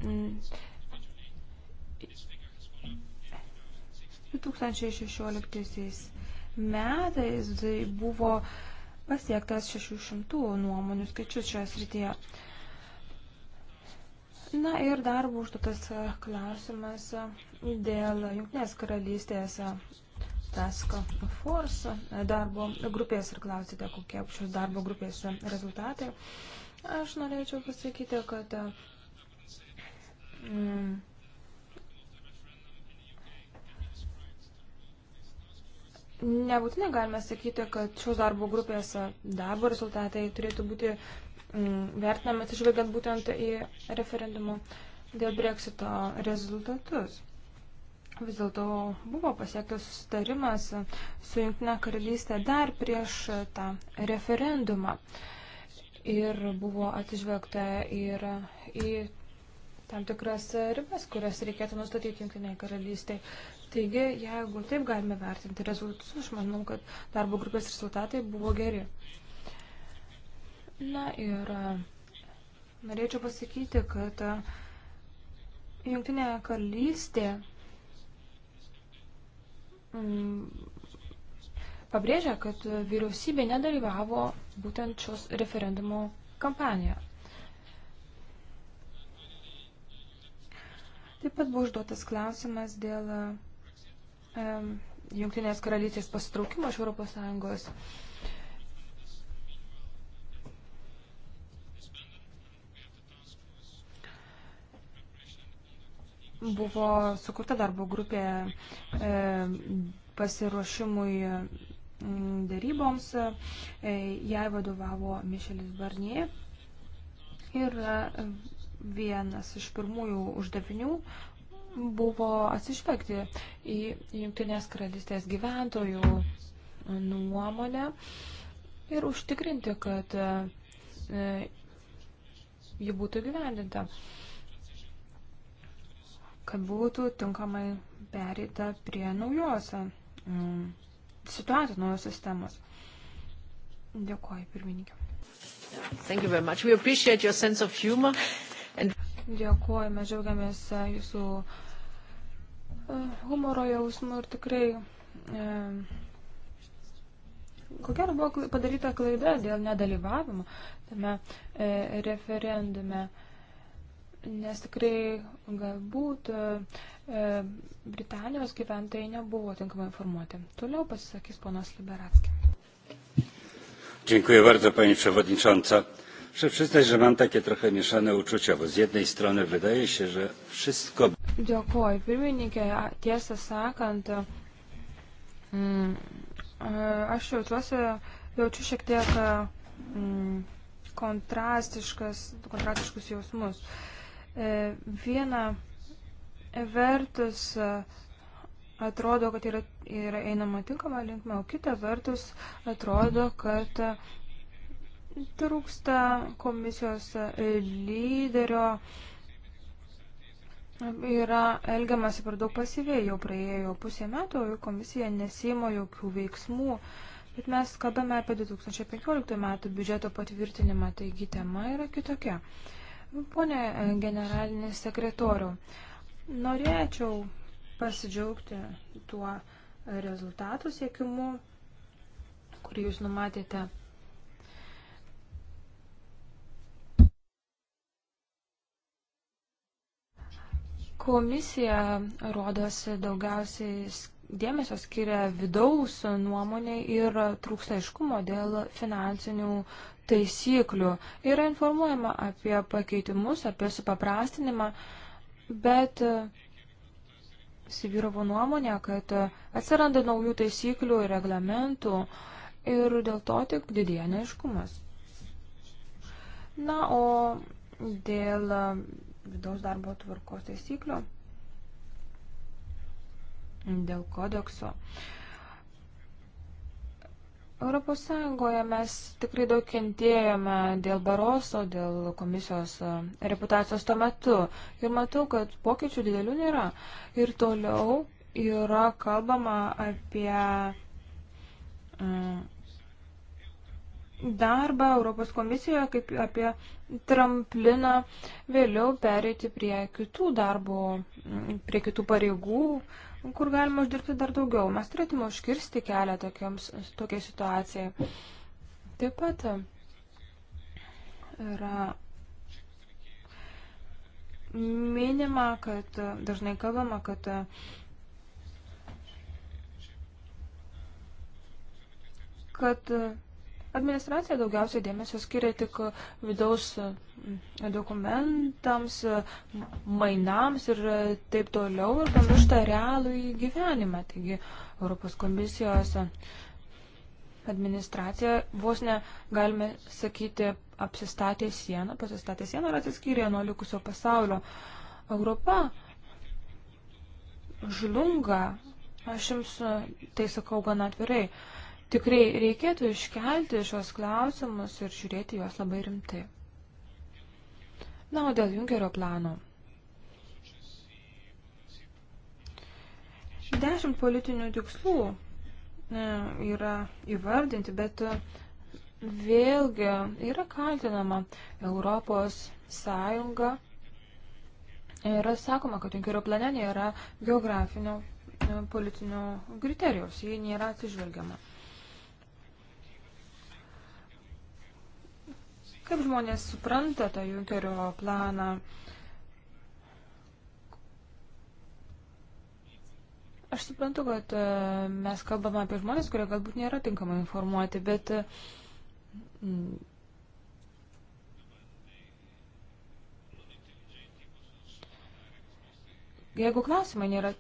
mm, 2016 metais buvo uh, pasiektas 600 nuomonių skaičius šioje srityje. Na ir dar buvo užduotas e, klausimas e, dėl Junktinės karalystės e, Task Force darbo grupės ir klausite, kokie šios darbo grupės rezultatai. Aš norėčiau pasakyti, kad mm, Nebūtinai galime sakyti, kad šios darbo grupės darbo rezultatai turėtų būti mm, vertinami atsižvelgiant būtent į referendumo dėl breksito rezultatus. Vis dėlto buvo pasiektas sustarimas su Junktinė karalystė dar prieš tą referendumą. Ir buvo atsižvelgta ir į tam tikras ribas, kurias reikėtų nustatyti Junktiniai karalystai. Taigi, jeigu taip galime vertinti rezultatus, aš manau, kad darbo grupės rezultatai buvo geri. Na ir e, norėčiau pasakyti, kad e, Junktinė karalystė mm, pabrėžia, kad vyriausybė nedalyvavo būtent šios referendumo kampanijoje. Taip pat buvo užduotas klausimas dėl e, Junktinės karalystės pasitraukimo iš Europos Sąjungos. Buvo sukurta darbo grupė e, pasiruošimui daryboms. E, jai vadovavo Mišelis Barnie. Ir e, vienas iš pirmųjų uždavinių buvo atsižvelgti į Junktinės karalystės gyventojų nuomonę ir užtikrinti, kad e, ji būtų gyvendinta, kad būtų tinkamai pereita prie naujos e, situacijos, naujos sistemos. Dėkuoju, pirmininkė. Thank you very much. We appreciate your sense of humor. Dėkuojame, džiaugiamės e, jūsų e, humoro jausmu ir tikrai. E, Kokia buvo padaryta klaida dėl nedalyvavimo tame e, referendume? nes tikrai galbūt e, Britanijos gyventojai nebuvo tinkamai informuoti. Toliau pasisakys ponas Liberatski. Dziękuję bardzo, pani przewodnicząca. Muszę przyznać, że mam takie trochę mieszane uczucia, bo z jednej strony wydaje się, że wszystko. Dėkuoju, pirmininkė, tiesą sakant, mm, e, aš jaučiuosi, jaučiu šiek tiek mm, kontrastiškus jausmus. E, viena vertus atrodo, kad yra, yra einama tinkama linkme, o kita vertus atrodo, kad mm, Trūksta komisijos lyderio. Yra elgiamasi per daug pasyviai, jau praėjo pusė metų, jau komisija nesimo jokių veiksmų. Bet mes kalbame apie 2015 metų biudžeto patvirtinimą, taigi tema yra kitokia. Pone generalinis sekretoriu, norėčiau pasidžiaugti tuo rezultatų siekimu, kurį jūs numatėte Komisija, rodos, daugiausiai dėmesio skiria vidaus nuomonė ir trūksta aiškumo dėl finansinių taisyklių. Yra informuojama apie pakeitimus, apie supaprastinimą, bet įsivyravo e, nuomonė, kad atsiranda naujų taisyklių ir reglamentų ir dėl to tik didėja neaiškumas. Na, o dėl vidaus darbo tvarkos taisyklių, dėl kodekso. Europos Sąjungoje mes tikrai daug kentėjome dėl Baroso, dėl komisijos e, reputacijos tuo metu. Ir matau, kad pokyčių didelių nėra. Ir toliau yra kalbama apie mm, darbą Europos komisijoje kaip apie trampliną vėliau pereiti prie kitų darbų, prie kitų pareigų, kur galima uždirbti dar daugiau. Mes turėtume užkirsti kelią tokiams, tokiai situacijai. Taip pat yra minima, kad dažnai kalbama, kad kad Administracija daugiausiai dėmesio skiria tik vidaus mm, dokumentams, mainams ir taip toliau ir pamiršta realų į gyvenimą. Taigi Europos komisijos administracija vos ne, galime sakyti, apsistatė sieną, pasistatė sieną ir atsiskyrė nuo likusio pasaulio. Europa žlunga, aš jums tai sakau gan atvirai. Uh, Tikrai reikėtų iškelti šios klausimus ir žiūrėti juos labai rimtai. Na, o dėl Junkerio plano. Dešimt politinių tikslų e, yra įvardinti, bet e, vėlgi yra kaltinama Europos Sąjunga. Yra sakoma, kad Junkerio plane nėra geografinio e, politinio kriterijaus, jį nėra atsižvelgiama. Kaip žmonės supranta tą Junkerio planą? Aš suprantu, kad e, mes kalbame apie žmonės, kurie galbūt nėra tinkamai informuoti, bet e, mm, jeigu klausimai nėra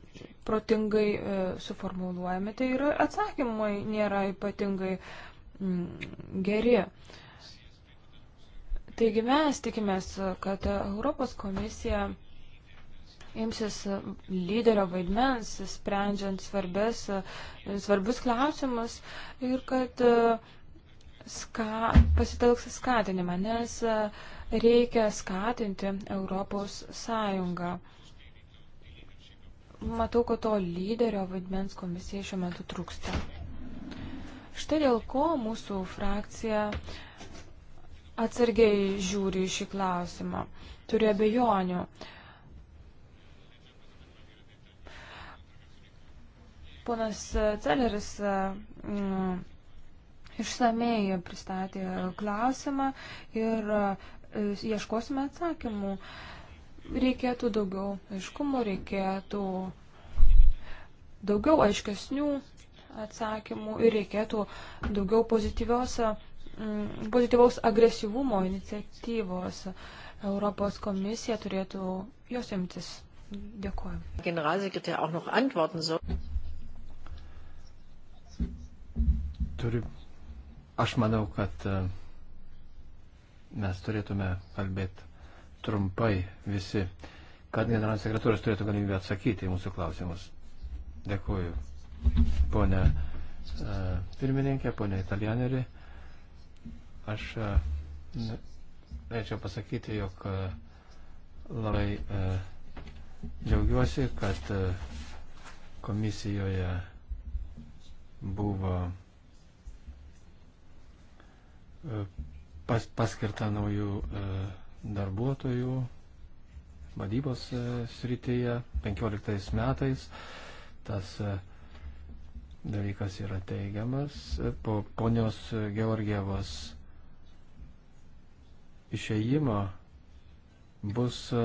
protingai e, suformuluojami, tai ir atsakymai nėra ypatingai mm, geri. Taigi mes tikimės, kad Europos komisija imsis lyderio vaidmens, sprendžiant svarbės, svarbius klausimus ir kad e, ska, pasitelks skatinimą, nes e, reikia skatinti Europos Sąjungą. Matau, kad to lyderio vaidmens komisijai šiuo metu trūksta. Štai dėl ko mūsų frakcija uh, atsargiai žiūri į šį klausimą, turi abejonių. Ponas Celeris mm, išsamei pristatė klausimą ir e, ieškosime atsakymų. Reikėtų daugiau aiškumo, reikėtų daugiau aiškesnių atsakymų ir reikėtų daugiau pozityvios pozityvaus agresyvumo iniciatyvos. Europos komisija turėtų jos imtis. Dėkuoju. Generalsekretär auch noch antworten soll. Turi, aš manau, kad e, mes turėtume kalbėti trumpai visi, kad generalinis sekretorius turėtų galimybę atsakyti į mūsų klausimus. Dėkuoju, ponė e, pirmininkė, ponė italianerė. Aš e, norėčiau pasakyti, jog e, labai e, džiaugiuosi, kad komisijoje buvo pas, paskirta naujų darbuotojų vadybos srityje 15 metais. Tas dalykas yra teigiamas. Po ponios Georgievos išeimo bus e,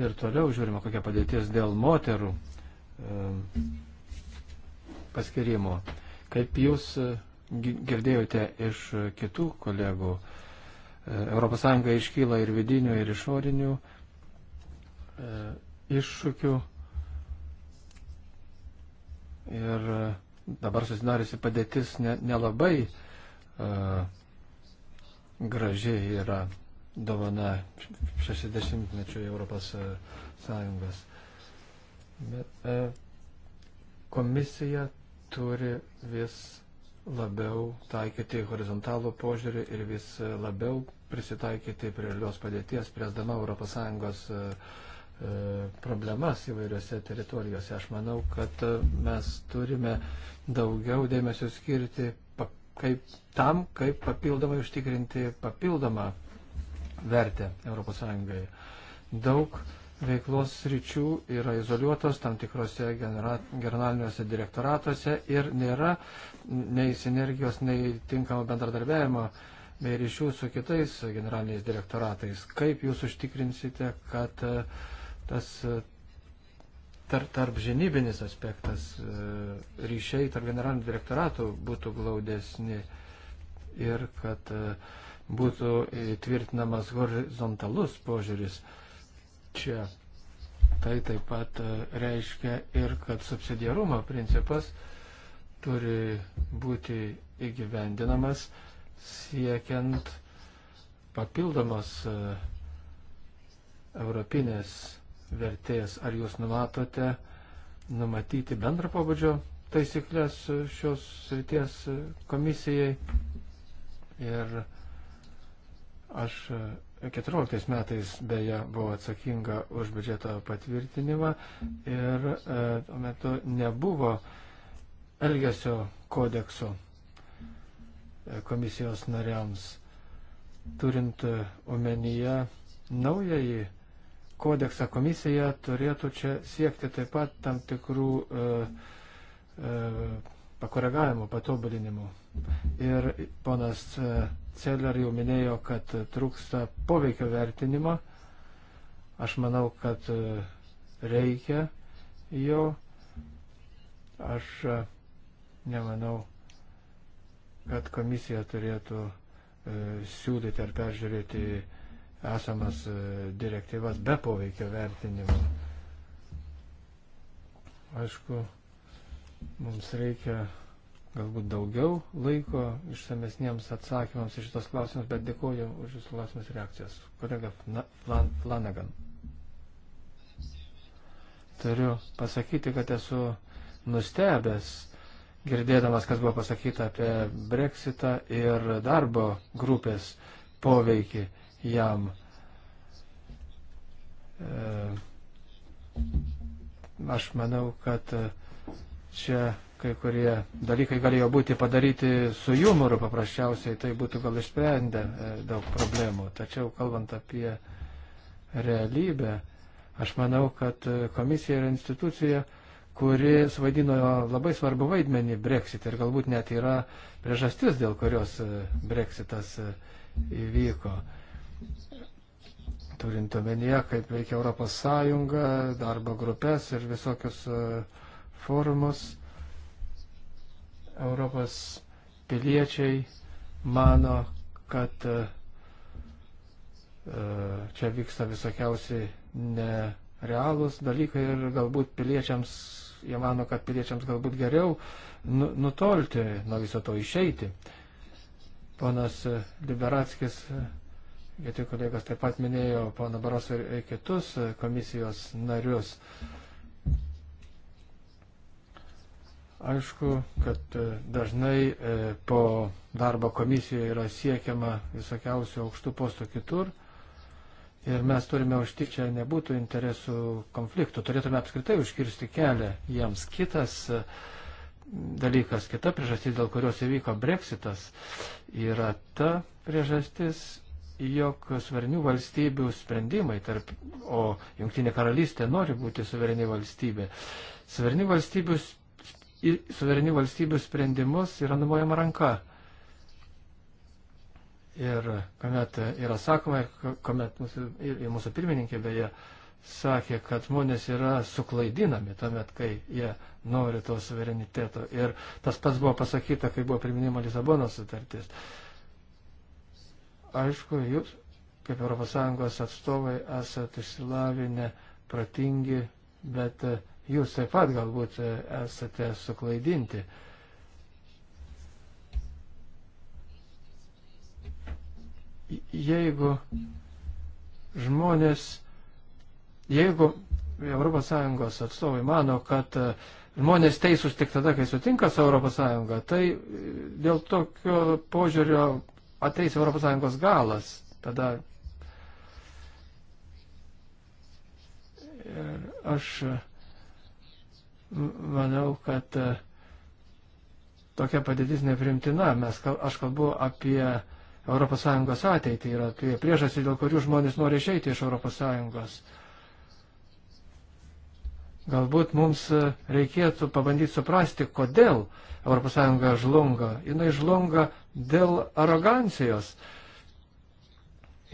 ir toliau žiūrima, kokia padėtis dėl moterų e, paskirimo. Kaip jūs e, girdėjote iš kitų kolegų, ES iškyla ir vidinių, ir išorinių iššūkių. Ir dabar susidariusi padėtis nelabai ne, ne gražiai yra dovana 60-mečio Europos Sąjungos. Bet e, komisija turi vis labiau taikyti horizontalų požiūrį ir vis labiau prisitaikyti prie realios padėties, priesdama ES e, e, problemas įvairiose teritorijose. Aš manau, kad e, mes turime daugiau dėmesio skirti kaip tam, kaip papildomai užtikrinti papildomą vertę ES. Daug veiklos sričių yra izoliuotos tam tikrose generaliniuose direktoratuose ir nėra nei sinergijos, nei tinkamo bendradarbiavimo bei ryšių su kitais generaliniais direktoratais. Kaip jūs užtikrinsite, kad tas tar, tarp žinybinis aspektas, e, ryšiai tarp generalinių direktoratų būtų glaudesni ir kad e, būtų tvirtinamas horizontalus požiūris čia. Tai taip pat e, reiškia ir, kad subsidiarumo principas turi būti įgyvendinamas siekiant papildomos europinės vertės. Ar jūs numatote numatyti bendrą pobūdžio taisyklės šios srities komisijai? Ir aš 14 metais beje buvau atsakinga už biudžeto patvirtinimą ir e, tuo metu nebuvo Elgesio kodekso e, komisijos nariams, turint omenyje naująjį kodeksą komisija turėtų čia siekti taip pat tam tikrų e, e, pakoregavimų, patobulinimų. Ir ponas e, Celler jau minėjo, kad trūksta poveikio vertinimo. Aš manau, kad e, reikia jo. Aš e, nemanau, kad komisija turėtų siūlyti ar peržiūrėti esamas e, direktyvas be poveikio vertinimo. Aišku, mums reikia galbūt daugiau laiko išsamesniems atsakymams iš šitos klausimus, bet dėkoju už jūsų klausimus reakcijas. Kolega Flan, Flanagan. Turiu pasakyti, kad esu nustebęs, girdėdamas, kas buvo pasakyta apie Brexitą ir darbo grupės poveikį jam. E, aš manau, kad e, čia kai kurie dalykai galėjo būti padaryti su jumoru paprasčiausiai, tai būtų gal išsprendę e, daug problemų. Tačiau kalbant apie realybę, aš manau, kad komisija yra institucija, kuri suvaidino labai svarbu vaidmenį Brexit ir galbūt net yra priežastis, dėl kurios Brexitas įvyko turint omenyje, kaip veikia Europos Sąjunga, darbo grupės ir visokius e, forumus, Europos piliečiai mano, kad e, e, čia vyksta visokiausi nerealūs dalykai ir galbūt piliečiams, jie mano, kad piliečiams galbūt geriau nu, nutolti nuo viso to išeiti. Ponas Liberatskis kiti kolegos taip pat minėjo pono Baroso ir kitus komisijos narius. Aišku, kad e, dažnai e, po darbo komisijoje yra siekiama visokiausių aukštų postų kitur ir mes turime užtikti, čia nebūtų interesų konfliktų, turėtume apskritai užkirsti kelią jiems. Kitas e, dalykas, kita priežastis, dėl kurios įvyko breksitas, yra ta priežastis, jog svarnių valstybių sprendimai, tarp, o Junktinė karalystė nori būti suvereni valstybė, suvereni valstybių, suvereni valstybių sprendimus yra numojama ranka. Ir kuomet yra sakoma, kuomet mūsų, ir, ir mūsų pirmininkė beje sakė, kad žmonės yra suklaidinami tuomet, kai jie nori to suvereniteto. Ir tas pats buvo pasakyta, kai buvo priminima Lisabonos sutartis. Uh, Aišku, jūs kaip ES atstovai esate išsilavinę, pratingi, bet e, jūs taip pat galbūt e, esate suklaidinti. Jeigu žmonės, jeigu ES atstovai mano, kad e, žmonės teisūs tik tada, kai sutinka su ES, tai dėl tokio požiūrio ateis ES galas, tada ir aš manau, kad e, tokia padėtis neprimtina. Mes, aš kalbu apie ES ateitį ir apie priežastį, dėl kurių žmonės nori išeiti iš ES. Galbūt mums e, reikėtų pabandyti suprasti, kodėl ES žlunga. Jis žlunga dėl arogancijos.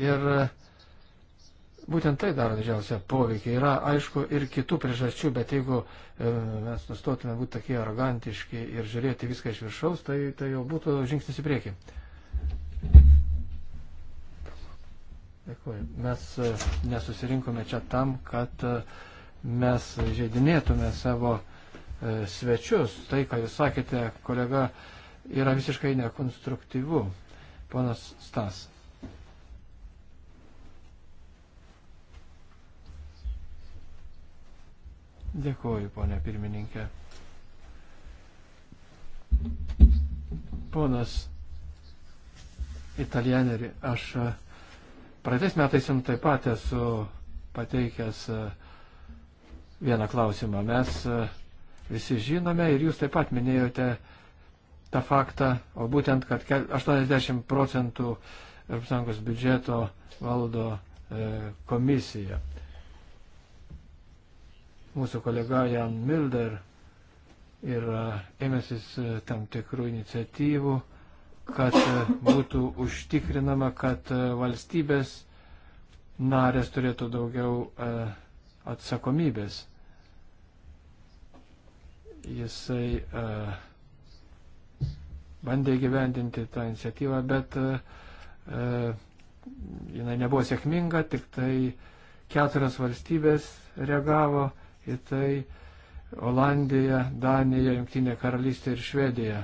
Ir e, būtent tai daro didžiausią poveikį. Yra, aišku, ir kitų priežasčių, bet jeigu e, mes nustotume būti tokie arogantiški ir žiūrėti viską iš viršaus, tai, tai jau būtų žingsnis į priekį. Dėkui. Mes nesusirinkome čia tam, kad uh, mes žaidinėtume savo e, svečius. Tai, ką jūs sakėte, kolega, yra visiškai nekonstruktyvu. Ponas Stas. Dėkuoju, ponė pirmininkė. Ponas italianerį, aš praeitais metais jums taip pat esu pateikęs uh, vieną klausimą. Mes e, visi žinome ir jūs taip pat minėjote tą faktą, o būtent, kad 80 procentų ES biudžeto valdo e, komisija. Mūsų kolega Jan Milder ir ėmėsis e, tam tikrų iniciatyvų, kad būtų užtikrinama, kad valstybės narės turėtų daugiau atsakomybės. Jisai uh, bandė gyvendinti tą iniciatyvą, bet uh, jinai nebuvo sėkminga, tik tai keturios valstybės reagavo į tai - Olandija, Danija, Junktinė karalystė ir Švedija.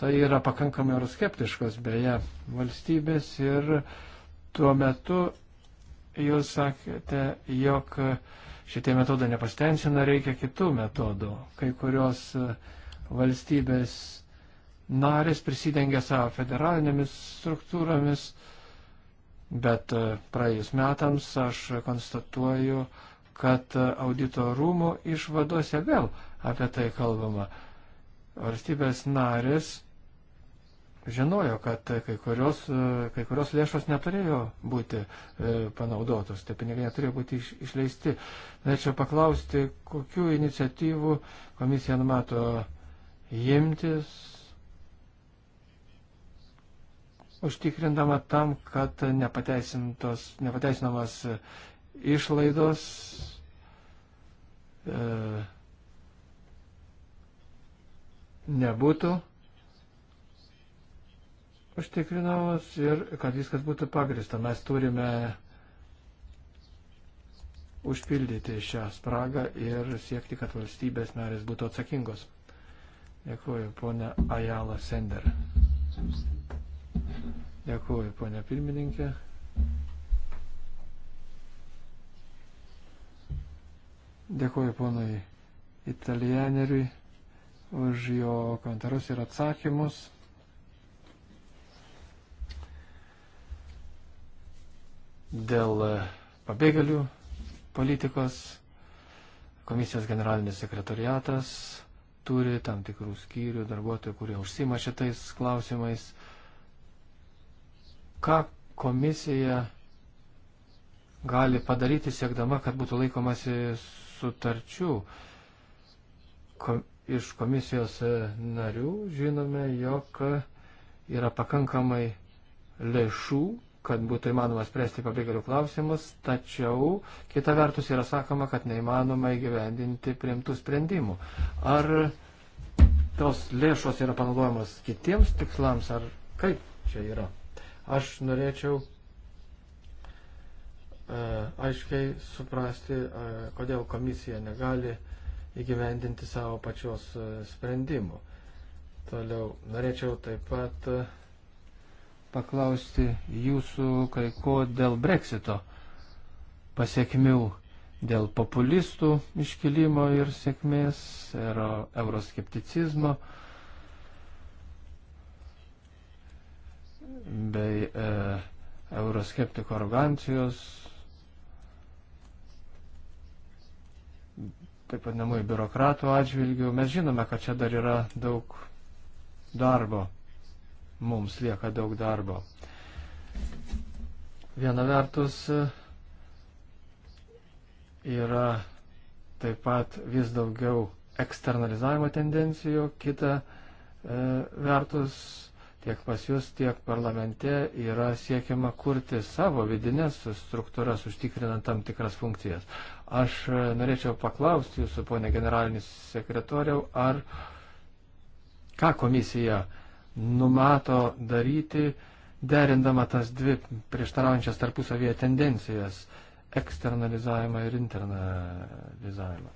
Tai yra pakankamai euroskeptiškos beje valstybės ir tuo metu jūs sakėte, jog šitie metodai nepastencina, reikia kitų metodų. Kai kurios e, valstybės narės prisidengia savo federalinėmis struktūromis, bet e, praėjus metams aš konstatuoju, kad audito rūmų išvadose vėl apie tai kalbama. Valstybės narės žinojo, kad kai kurios, kai kurios lėšos neturėjo būti e, panaudotos, tie pinigai neturėjo būti iš, išleisti. Norėčiau paklausti, kokiu iniciatyvų komisija numato imtis, užtikrindama tam, kad nepateisinamas išlaidos. E, nebūtų užtikrinamos ir kad viskas būtų pagrista. Mes turime užpildyti šią spragą ir siekti, kad valstybės narės būtų atsakingos. Dėkuoju, ponia Ajala Sender. Dėkuoju, ponia pirmininkė. Dėkuoju ponui italieneriui už jo komentarus ir atsakymus. dėl e, pabėgėlių politikos. Komisijos generalinis sekretariatas turi tam tikrų skyrių darbuotojų, kurie užsima šitais klausimais. Ką komisija gali padaryti siekdama, kad būtų laikomasi sutarčių? Ko, iš komisijos e, narių žinome, jog yra pakankamai lėšų kad būtų įmanoma spręsti pabėgėlių klausimus, tačiau kita vertus yra sakoma, kad neįmanoma įgyvendinti priimtų sprendimų. Ar tos lėšos yra panaudojamos kitiems tikslams, ar kaip čia yra? Aš norėčiau e, aiškiai suprasti, e, kodėl komisija negali įgyvendinti savo pačios e, sprendimų. Toliau norėčiau taip pat paklausti jūsų kai ko dėl breksito pasiekmių, dėl populistų iškilimo ir sėkmės, ir euroskepticizmo, bei e, euroskeptiko arogancijos, taip pat namui biurokratų atžvilgių. Mes žinome, kad čia dar yra daug darbo mums lieka daug darbo. Viena vertus yra taip pat vis daugiau eksternalizavimo tendencijų, kita e, vertus tiek pas jūs, tiek parlamente yra siekiama kurti savo vidinės struktūras, užtikrinant tam tikras funkcijas. Aš e, norėčiau paklausti jūsų, ponė generalinis sekretoriau, ar ką komisija e, numato daryti, derindama tas dvi prieštaraujančias tarpusavėje tendencijas - eksternalizavimą ir internalizavimą.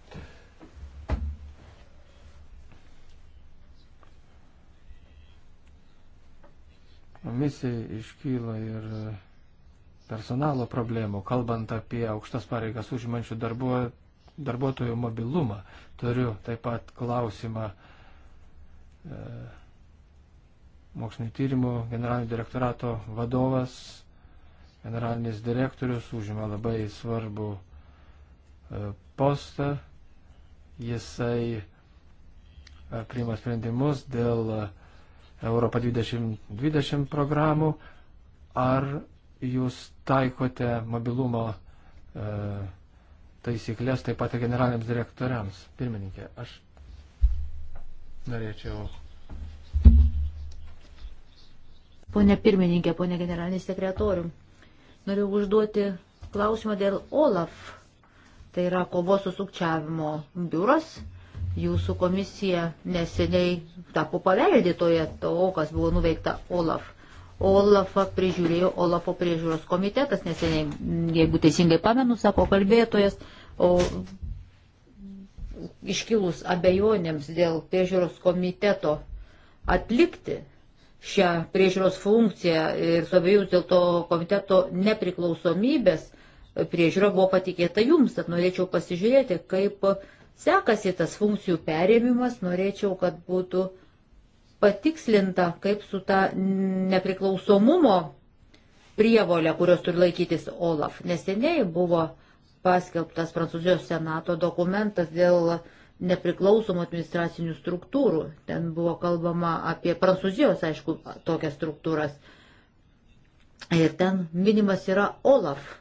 Komisijai iškyla ir personalo problemų, kalbant apie aukštas pareigas užimančių darbuo, darbuotojų mobilumą. Turiu taip pat klausimą. E, mokslinio tyrimo generalinio direktorato vadovas, generalinis direktorius, užima labai svarbu e, postą. Jisai e, priima sprendimus dėl Europą 2020 programų. Ar jūs taikote mobilumo e, taisyklės taip pat ir generaliniams direktoriams? Pirmininkė, aš norėčiau Pone pirmininkė, pone generalinis sekretorium, noriu užduoti klausimą dėl OLAF. Tai yra kovos su sukčiavimo biuras. Jūsų komisija neseniai tapo paveldėtoje to, kas buvo nuveikta OLAF. Olafą prižiūrėjo Olafo priežiūros komitetas, neseniai, jeigu teisingai pamenu, sako kalbėtojas, o iškilus abejonėms dėl priežiūros komiteto atlikti šią priežiūros funkciją ir su abiejų dėl to komiteto nepriklausomybės priežiūra buvo patikėta jums, tad norėčiau pasižiūrėti, kaip sekasi tas funkcijų perėmimas, norėčiau, kad būtų patikslinta, kaip su ta nepriklausomumo prievolė, kurios turi laikytis Olaf. Neseniai buvo paskelbtas Prancūzijos senato dokumentas dėl uh, nepriklausomų administracinių struktūrų. Ten buvo kalbama apie Prancūzijos, aišku, tokias struktūras. Ir ten minimas yra Olaf.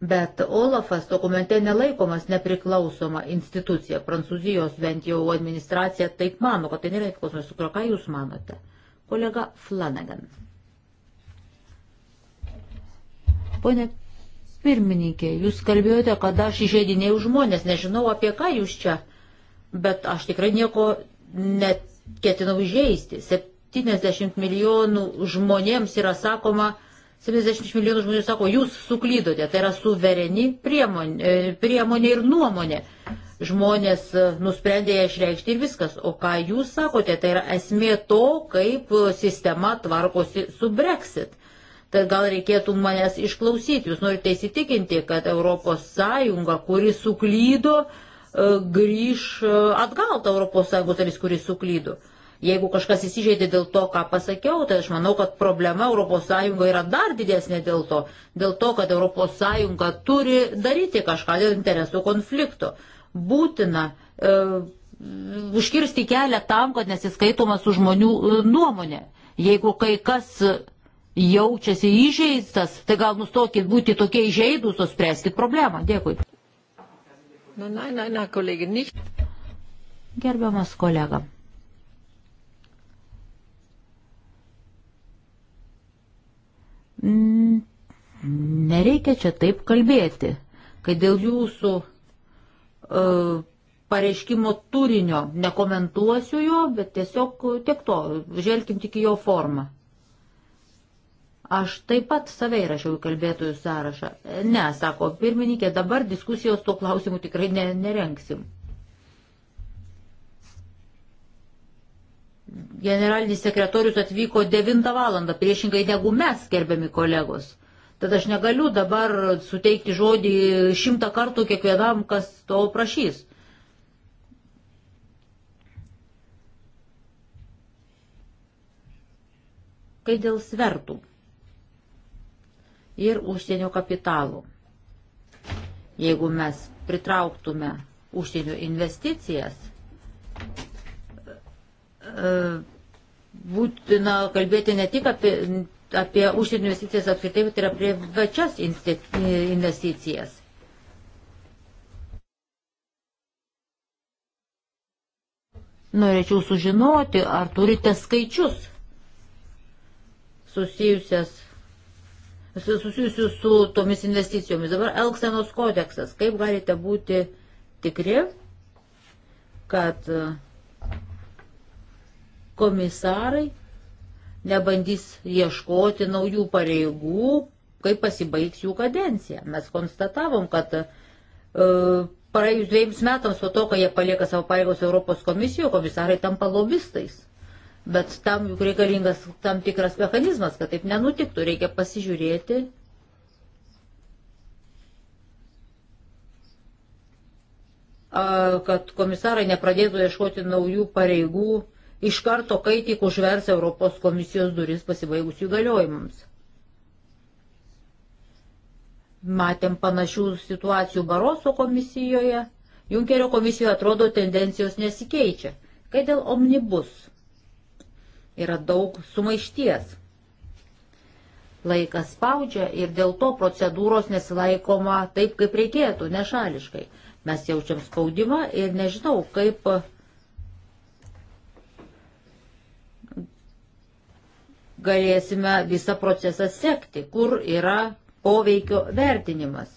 Bet Olafas dokumente nelaikomas nepriklausoma institucija. Prancūzijos bent jau administracija taip mano, kad tai nėra nepriklausoma struktūra. Ką Jūs manote? Kolega Flanagan. Pone pirmininkė, Jūs kalbėjote, kad aš įžeidinėjau žmonės. Nežinau, apie ką Jūs čia kalbėjote bet aš tikrai nieko neketinau žaisti. 70 milijonų žmonėms yra sakoma, 70 milijonų žmonių sako, jūs suklydote, tai yra suvereni priemonė, e, priemonė ir nuomonė. Žmonės e, nusprendė ją išreikšti ir viskas. O ką jūs sakote, tai yra esmė to, kaip sistema tvarkosi su Brexit. Tad gal reikėtų manęs išklausyti. Jūs norite įsitikinti, kad ES, kuri suklydo, E, grįž e, atgal ta Europos Sąjungos dalis, kuris suklydo. Jeigu kažkas įsižeidė dėl to, ką pasakiau, tai aš manau, kad problema ES yra dar didesnė dėl to. Dėl to, kad ES turi daryti kažką dėl interesų konflikto. Būtina e, užkirsti kelią tam, kad nesiskaitoma su žmonių e, nuomonė. Jeigu kai kas jaučiasi įžeistas, tai gal nustokit būti tokie įžeidus, o spręskit problemą. Dėkui. Na, na, na, na, kolegė, nicht. Gerbiamas kolega. Nereikia čia taip kalbėti, kad dėl jūsų uh, pareiškimo turinio nekomentuosiu jo, bet tiesiog tiek to, žvelkim tik į jo formą. Aš taip pat save įrašiau į kalbėtojų sąrašą. Ne, sako pirmininkė, dabar diskusijos tuo klausimu tikrai ne, nerenksim. Generalinis sekretorius atvyko 9 valandą, priešingai negu mes, gerbiami kolegos. Tad aš negaliu dabar suteikti žodį šimtą kartų kiekvienam, kas to prašys. Kai dėl svertų ir užsienio kapitalų. Jeigu mes pritrauktume užsienio investicijas, e, būtina kalbėti ne tik apie, apie užsienio investicijas apskritai, bet ir apie vačias investicijas. Norėčiau sužinoti, ar turite skaičius susijusias susijusių su tomis investicijomis. Dabar Elksenos kodeksas. Kaip galite būti tikri, kad e, komisarai nebandys ieškoti naujų pareigų, kaip pasibaigs jų kadencija. Mes konstatavom, kad e, praėjus dviejams metams po to, kai jie palieka savo pareigos Europos komisijoje, komisarai tampa lobistais bet tam juk reikalingas tam tikras mechanizmas, kad taip nenutiktų, reikia pasižiūrėti. kad komisarai nepradėtų ieškoti naujų pareigų iš karto, kai tik užvers Europos komisijos duris pasibaigus jų galiojimams. Matėm panašių situacijų Baroso komisijoje, Junkerio komisijoje atrodo tendencijos nesikeičia. Kai dėl omnibus yra daug sumaišties. Laikas spaudžia ir dėl to procedūros nesilaikoma taip, kaip reikėtų, nešališkai. Mes jaučiam spaudimą ir nežinau, kaip galėsime visą procesą sekti, kur yra poveikio vertinimas.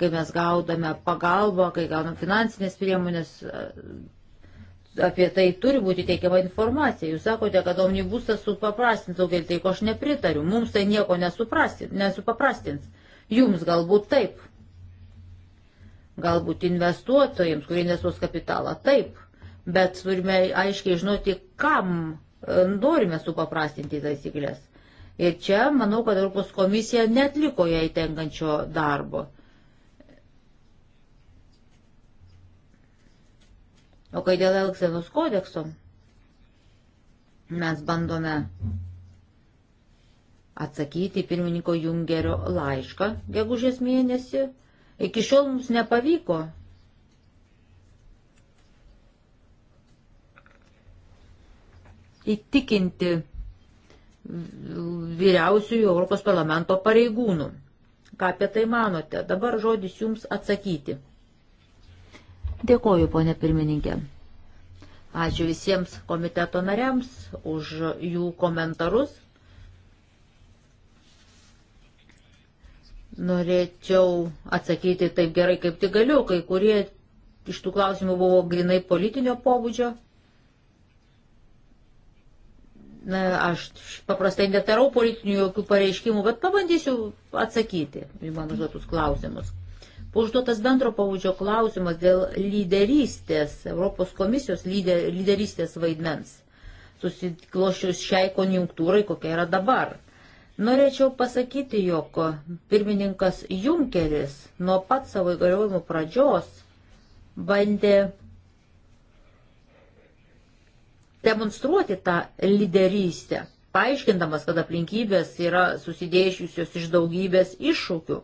Kai mes gaudame pagalbą, kai gaunam finansinės priemonės, apie tai turi būti teikiama informacija. Jūs sakote, kad omnibusas supaprastins daugelį, tai ko aš nepritariu. Mums tai nieko nesupaprastins. Jums galbūt taip. Galbūt investuotojams, kurie nesuos kapitalą, taip. Bet turime aiškiai žinoti, kam e, norime supaprastinti taisyklės. Ir čia manau, kad Europos komisija netliko jai tenkančio darbo. O kai dėl Elksenos kodekso mes bandome atsakyti pirmininko Jungerio laišką gegužės mėnesį, iki šiol mums nepavyko. Įtikinti vyriausiųjų Europos parlamento pareigūnų. Ką apie tai manote? Dabar žodis jums atsakyti. Dėkoju, ponė pirmininkė. Ačiū visiems komiteto nariams už jų komentarus. Norėčiau atsakyti taip gerai, kaip tik galiu. Kai kurie iš tų klausimų buvo grinai politinio pobūdžio. Na, aš paprastai netarau politinių jokių pareiškimų, bet pabandysiu atsakyti į man užduotus klausimus. Užduotas bendro pavudžio klausimas dėl lyderystės, Europos komisijos lyder, lyderystės vaidmens, susiklošius šiai konjunktūrai, kokia yra dabar. Norėčiau pasakyti, jog pirmininkas Junkeris nuo pat savo įgaliojimų pradžios bandė demonstruoti tą lyderystę, paaiškindamas, kad aplinkybės yra susidėjusios iš daugybės iššūkių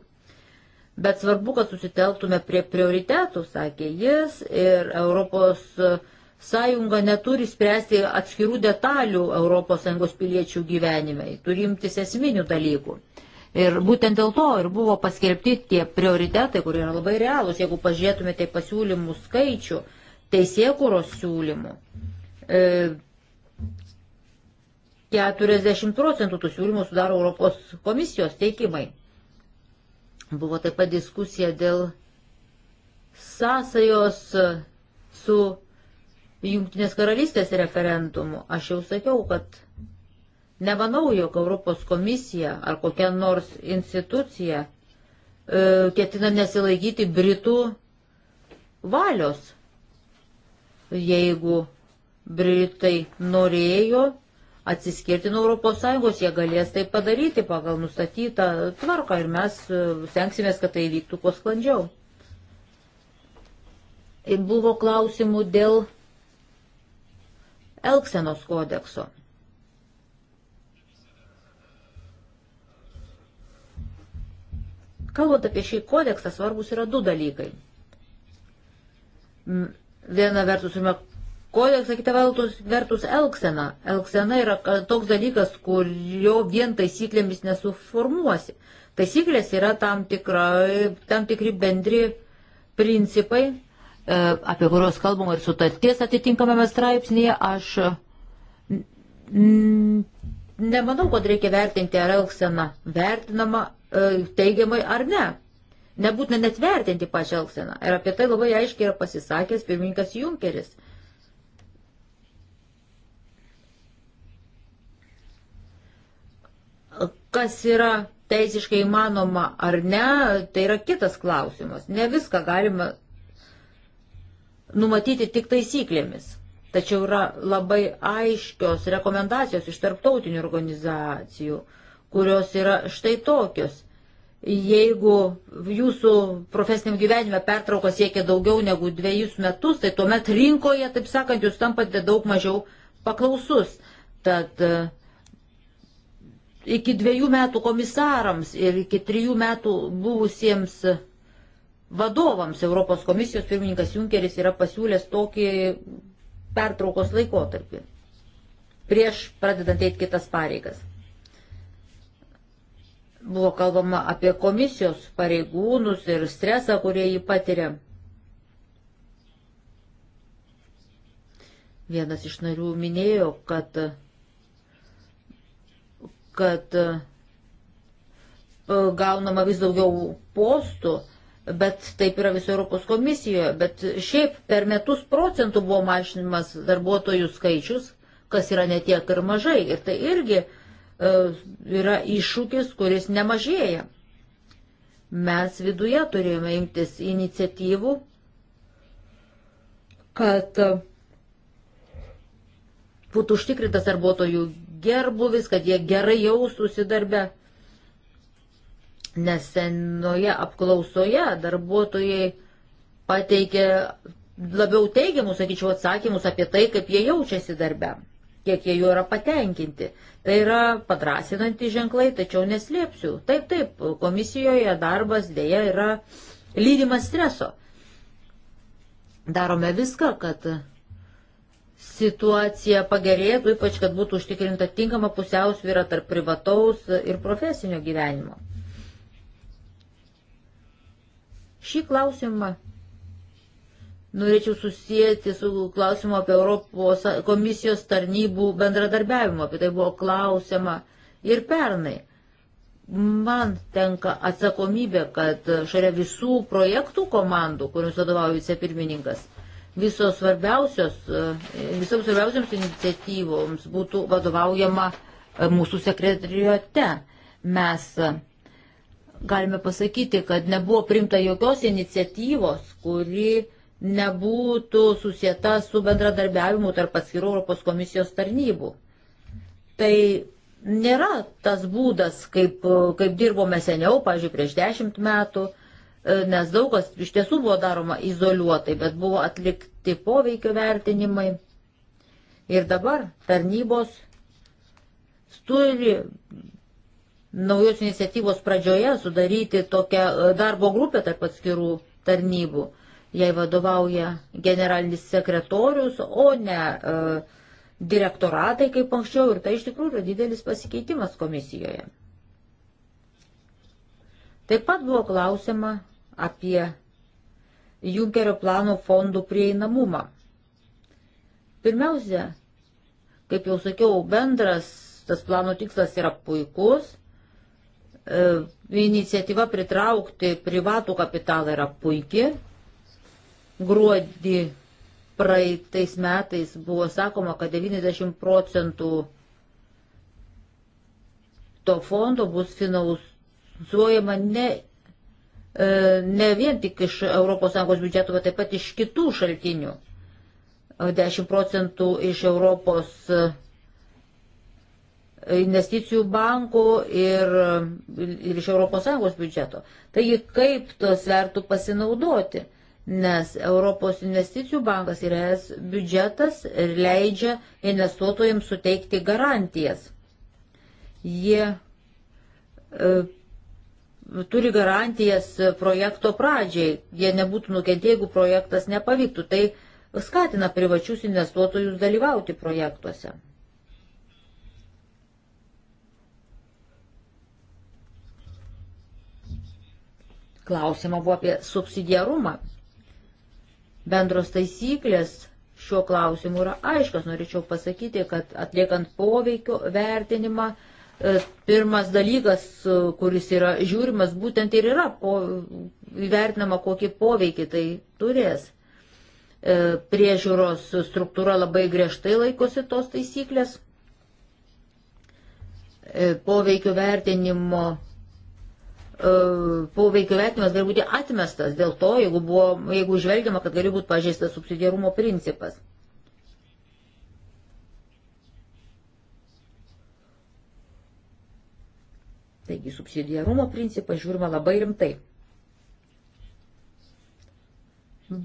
bet svarbu, kad susitelktume prie prioritetų, sakė jis, ir Europos sąjunga neturi spręsti atskirų detalių ES piliečių gyvenimai, turi imtis esminių dalykų. Ir būtent dėl to ir buvo paskelbti tie prioritetai, kurie yra labai realūs, jeigu pažiūrėtumėte tai pasiūlymų skaičių, teisėkuros siūlymų. E, 40 procentų tų siūlymų sudaro Europos komisijos teikimai. Buvo taip pat diskusija dėl sąsajos e, su Junktinės karalystės referendumu. Aš jau sakiau, kad nemanau, jog Europos komisija ar kokia nors institucija e, ketina nesilaikyti Britų valios. Jeigu Britai norėjo atsiskirti nuo ES, jie galės tai padaryti pagal nustatytą tvarką ir mes e, stengsimės, kad tai vyktų kuo sklandžiau. Ir buvo klausimų dėl Elksenos kodekso. Kalbant apie šį kodeksą, svarbus yra du dalykai. Viena vertus turime Kodeksą kitą vertus, vertus elksena. Elksena yra toks dalykas, kurio vien taisyklėmis nesuformuosi. Taisyklės yra tam, tikra, tam tikri bendri principai, e, apie kuriuos kalbama ir sutarties atitinkamame straipsnėje. Aš nemanau, kad reikia vertinti, ar elksena vertinama e, teigiamai ar ne. Nebūtina net vertinti pačią elkseną. Ir apie tai labai aiškiai yra pasisakęs pirmininkas Junkeris. Kas yra teisiškai įmanoma ar ne, tai yra kitas klausimas. Ne viską galima numatyti tik taisyklėmis. Tačiau yra labai aiškios rekomendacijos iš tarptautinių organizacijų, kurios yra štai tokios. Jeigu jūsų profesiniam gyvenime pertrauka siekia daugiau negu dviejus metus, tai tuomet rinkoje, taip sakant, jūs tampate daug mažiau paklausus. Tad uh, iki dviejų metų komisarams ir iki trijų metų buvusiems vadovams Europos komisijos pirmininkas Junkeris yra pasiūlęs tokį pertraukos laikotarpį prieš pradedant eiti kitas pareigas. Buvo kalbama apie komisijos pareigūnus ir stresą, kurie jį patiria. Vienas iš narių minėjo, kad kad e, gaunama vis daugiau postų, bet taip yra viso Europos komisijoje. Bet šiaip per metus procentų buvo mažinimas darbuotojų skaičius, kas yra netiek ir mažai. Ir tai irgi e, yra iššūkis, kuris nemažėja. Mes viduje turėjome imtis iniciatyvų, kad e, būtų užtikrintas darbuotojų gerbuvis, kad jie gerai jaustųsi darbe. Nesenoje apklausoje darbuotojai pateikė labiau teigiamus, sakyčiau, atsakymus apie tai, kaip jie jaučiasi darbe, kiek jie jų yra patenkinti. Tai yra padrasinanti ženklai, tačiau neslėpsiu. Taip, taip, komisijoje darbas dėja yra lydimas streso. Darome viską, kad situacija pagerėtų, ypač kad būtų užtikrinta tinkama pusiausvyrą tarp privataus ir profesinio gyvenimo. Šį klausimą norėčiau susijęti su klausimu apie Europos komisijos tarnybų bendradarbiavimą. Apie tai buvo klausima ir pernai. Man tenka atsakomybė, kad šalia visų projektų komandų, kuriuos vadovauja vicepirmininkas, visos svarbiausios, e, visoms svarbiausiams iniciatyvoms būtų vadovaujama e, mūsų sekretariuote. Mes e, galime pasakyti, kad nebuvo primta jokios iniciatyvos, kuri nebūtų susieta su bendradarbiavimu tarp atskirų Europos komisijos tarnybų. Tai nėra tas būdas, kaip, kaip dirbome seniau, pažiūrėjau, prieš dešimt metų E, nes daugas iš tiesų buvo daroma izoliuotai, bet buvo atlikti poveikio vertinimai. Ir dabar tarnybos turi naujos iniciatyvos pradžioje sudaryti tokią e, darbo grupę tarp atskirų tarnybų. Jai vadovauja generalinis sekretorius, o ne e, direktoratai kaip anksčiau. Ir tai iš tikrųjų yra didelis pasikeitimas komisijoje. Taip pat buvo klausima apie Junkerio plano fondų prieinamumą. Pirmiausia, kaip jau sakiau, bendras tas plano tikslas yra puikus, e, iniciatyva pritraukti privatų kapitalą yra puikia. Gruodį praeitais metais buvo sakoma, kad 90 procentų to fondo bus finansuojama ne E, ne vien tik iš ES biudžeto, bet taip pat iš kitų šaltinių. 10 procentų iš Europos e, investicijų bankų ir, ir iš ES biudžeto. Taigi kaip to svertų pasinaudoti, nes Europos investicijų bankas ir ES biudžetas leidžia investuotojams suteikti garantijas. Jie e, turi garantijas projekto pradžiai, jie nebūtų nukentėję, jeigu projektas nepavyktų. Tai skatina privačius investuotojus dalyvauti projektuose. Klausima buvo apie subsidiarumą. Bendros taisyklės šiuo klausimu yra aiškas. Norėčiau pasakyti, kad atliekant poveikio vertinimą, E, pirmas dalykas, e, kuris yra žiūrimas, būtent ir yra po, įvertinama, kokį poveikį tai turės. E, priežiūros struktūra labai griežtai laikosi tos taisyklės. Poveikio vertinimo poveikio vertinimas gali būti atmestas dėl to, jeigu, buvo, jeigu žvelgiama, kad gali būti pažeistas subsidiarumo principas. Taigi subsidiarumo principą žiūrima labai rimtai.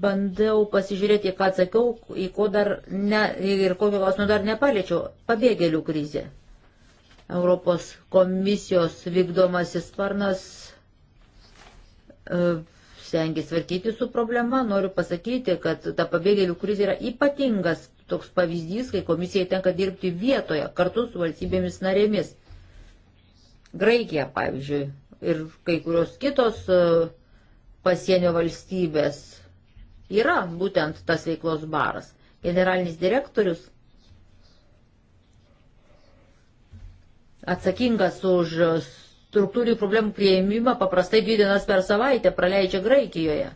Bandau pasižiūrėti, ką atsakiau, į ko dar ne, ir kokio klausimo dar nepaliečiau. Pabėgėlių krizė. Europos komisijos vykdomasis sparnas e, stengiasi tvarkyti su problema. Noriu pasakyti, kad ta pabėgėlių krizė yra ypatingas toks pavyzdys, kai komisijai tenka dirbti vietoje kartu su valstybėmis narėmis. Graikija, pavyzdžiui, ir kai kurios kitos e, pasienio valstybės yra būtent tas veiklos baras. Generalinis direktorius atsakingas už struktūrinių problemų prieimimą paprastai dvi dienas per savaitę praleidžia Graikijoje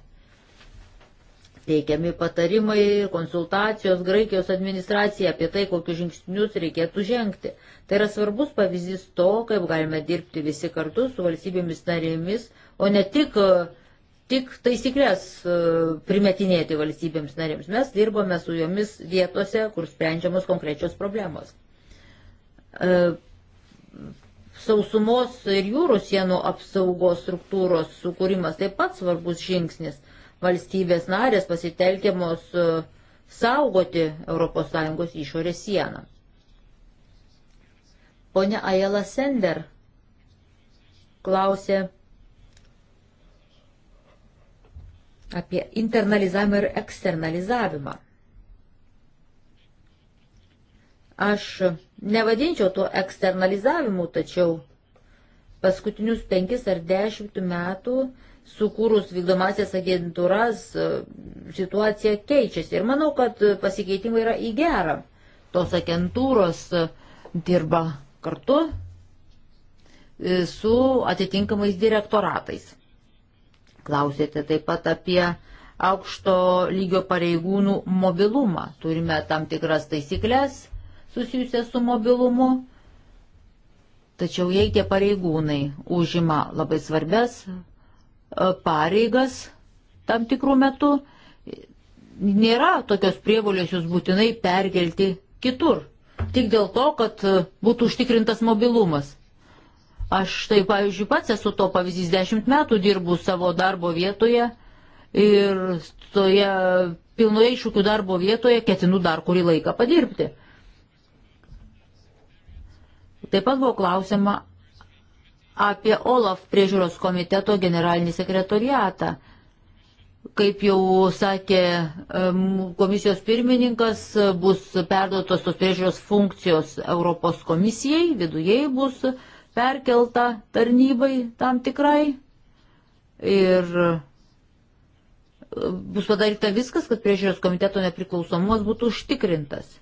teikiami patarimai, konsultacijos Graikijos administracija apie tai, kokius žingsnius reikėtų žengti. Tai yra svarbus pavyzdys to, kaip galime dirbti visi kartu su valstybėmis narėmis, o ne tik, e, tik taisyklės e, primetinėti valstybėms narėms. Mes dirbame su jomis vietose, kur sprendžiamos konkrečios problemos. E, sausumos ir jūrų sienų apsaugos struktūros sukūrimas taip pat svarbus žingsnis valstybės narės pasitelkiamos e, saugoti ES išorės sieną. Pone Ajela Sender klausė apie internalizavimą ir eksternalizavimą. Aš nevadinčiau to eksternalizavimu, tačiau paskutinius penkis ar dešimt metų uh, sukūrus vykdomasias agentūras e, situacija keičiasi. Ir manau, kad pasikeitimai yra į gerą. Tos agentūros e, dirba kartu e, su atitinkamais direktoratais. Klausėte taip pat apie aukšto lygio pareigūnų mobilumą. Turime tam tikras taisyklės susijusias su mobilumu. Tačiau jei tie pareigūnai užima labai svarbias E, pareigas tam tikrų metų, nėra tokios prievolės jūs būtinai perkelti kitur. Tik dėl to, kad e, būtų užtikrintas mobilumas. Aš tai, pavyzdžiui, pats esu to pavyzdys, dešimt metų dirbu savo darbo vietoje ir toje pilnoje iššūkių darbo vietoje ketinu dar kurį laiką padirbti. Taip pat buvo klausima, apie OLAF priežiūros komiteto generalinį sekretoriatą. Kaip jau sakė komisijos pirmininkas, bus perduotos tos priežiūros funkcijos Europos komisijai, vidujei bus perkelta tarnybai tam tikrai. Ir e, bus padaryta viskas, kad priežiūros komiteto nepriklausomumas būtų užtikrintas.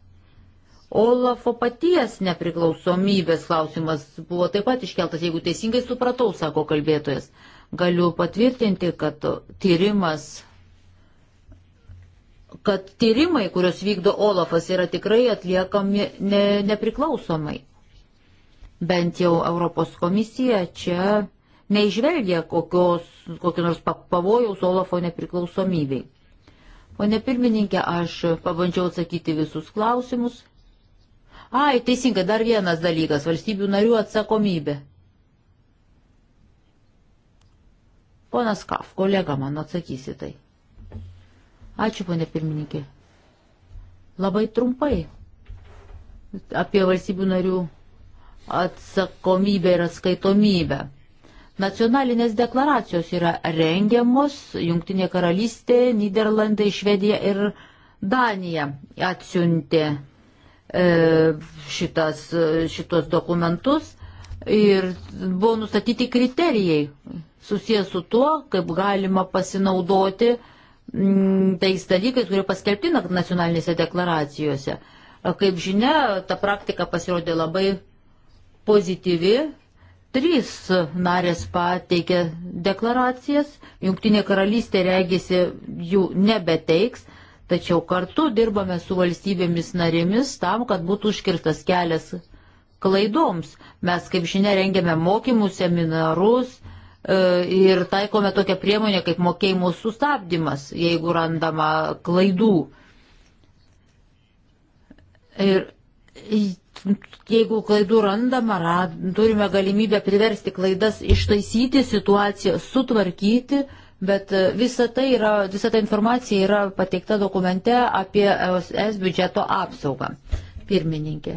Olafo paties nepriklausomybės klausimas buvo taip pat iškeltas, jeigu teisingai supratau, sako kalbėtojas. Galiu patvirtinti, kad tyrimas, kad tyrimai, kurios vykdo Olafas, yra tikrai atliekami ne, nepriklausomai. Bent jau Europos komisija čia neižvelgia kokios, kokio nors pavojaus Olafo nepriklausomybei. Pone pirmininkė, aš pabandžiau atsakyti visus klausimus Ai, teisingai, dar vienas dalykas - valstybių narių atsakomybė. Ponas Kaf, kolega man atsakysi tai. Ačiū, ponė pirmininkė. Labai trumpai apie valstybių narių atsakomybę ir atskaitomybę. Nacionalinės deklaracijos yra rengiamos Junktinė karalystė, Niderlandai, Švedija ir Danija atsiuntė E, šitas, e, šitos dokumentus ir buvo nustatyti kriterijai susijęs su tuo, kaip galima pasinaudoti mm, tais dalykais, kurie paskelbti nacionalinėse deklaracijose. E, kaip žinia, ta praktika pasirodė labai pozityvi. Trys narės pateikė deklaracijas, Junktinė karalystė regėsi jų nebeteiks, Tačiau kartu dirbame su valstybėmis narėmis tam, kad būtų užkirtas kelias klaidoms. Mes, kaip žinia, rengiame mokymus, seminarus e, ir taikome tokią priemonę kaip mokėjimų sustabdymas, jeigu randama klaidų. Ir jeigu klaidų randama, rad, turime galimybę priversti klaidas ištaisyti situaciją, sutvarkyti Bet e, visa tai yra, visa ta informacija yra pateikta dokumente apie ES biudžeto apsaugą. Pirmininkė,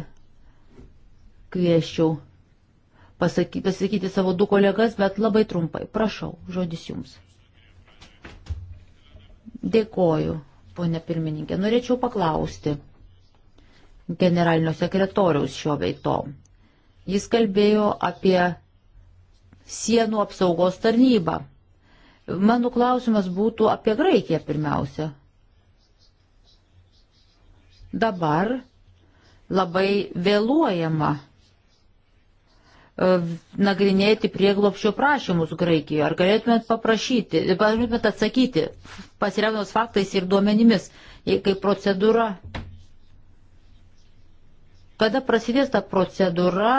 kvieščiau pasakyti, pasakyti savo du kolegas, bet labai trumpai. Prašau, žodis jums. Dėkoju, ponė pirmininkė. Norėčiau paklausti generalinio sekretoriaus šio veito. Jis kalbėjo apie sienų apsaugos tarnybą Mano klausimas būtų apie Graikiją pirmiausia. Dabar labai vėluojama e, nagrinėti prieglopščio prašymus Graikijoje. Ar galėtumėt paprašyti, galėtumėt atsakyti, pasiremdamas faktais ir duomenimis, kaip procedūra? Kada prasidės ta procedūra,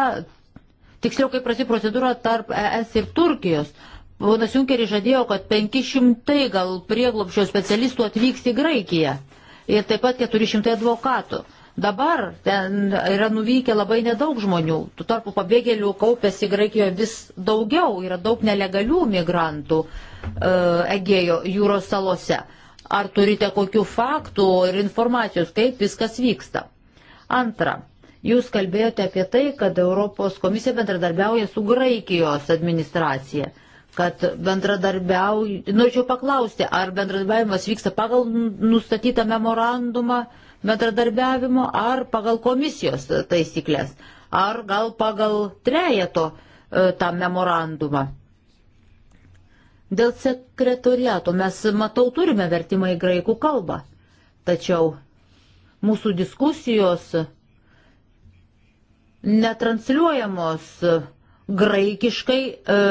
tiksliau, kai prasidės procedūra tarp ES ir Turkijos? Ponas Junkeris žadėjo, kad 500 gal prieglopščio specialistų atvyks į Graikiją ir taip pat 400 advokatų. Dabar ten yra nuvykę labai nedaug žmonių, tu tarpu pabėgėlių kaupėsi Graikijoje vis daugiau, yra daug nelegalių migrantų e, Egėjo jūros salose. Ar turite kokių faktų ir informacijos, kaip viskas vyksta? Antra, jūs kalbėjote apie tai, kad Europos komisija bendradarbiauja su Graikijos administracija kad bendradarbiauju, norėčiau paklausti, ar bendradarbiavimas vyksta pagal nustatytą memorandumą bendradarbiavimo, ar pagal komisijos taisyklės, ar gal pagal trejeto e, tą memorandumą. Dėl sekretoriato mes, matau, turime vertimą į graikų kalbą, tačiau mūsų diskusijos netransliuojamos graikiškai. E,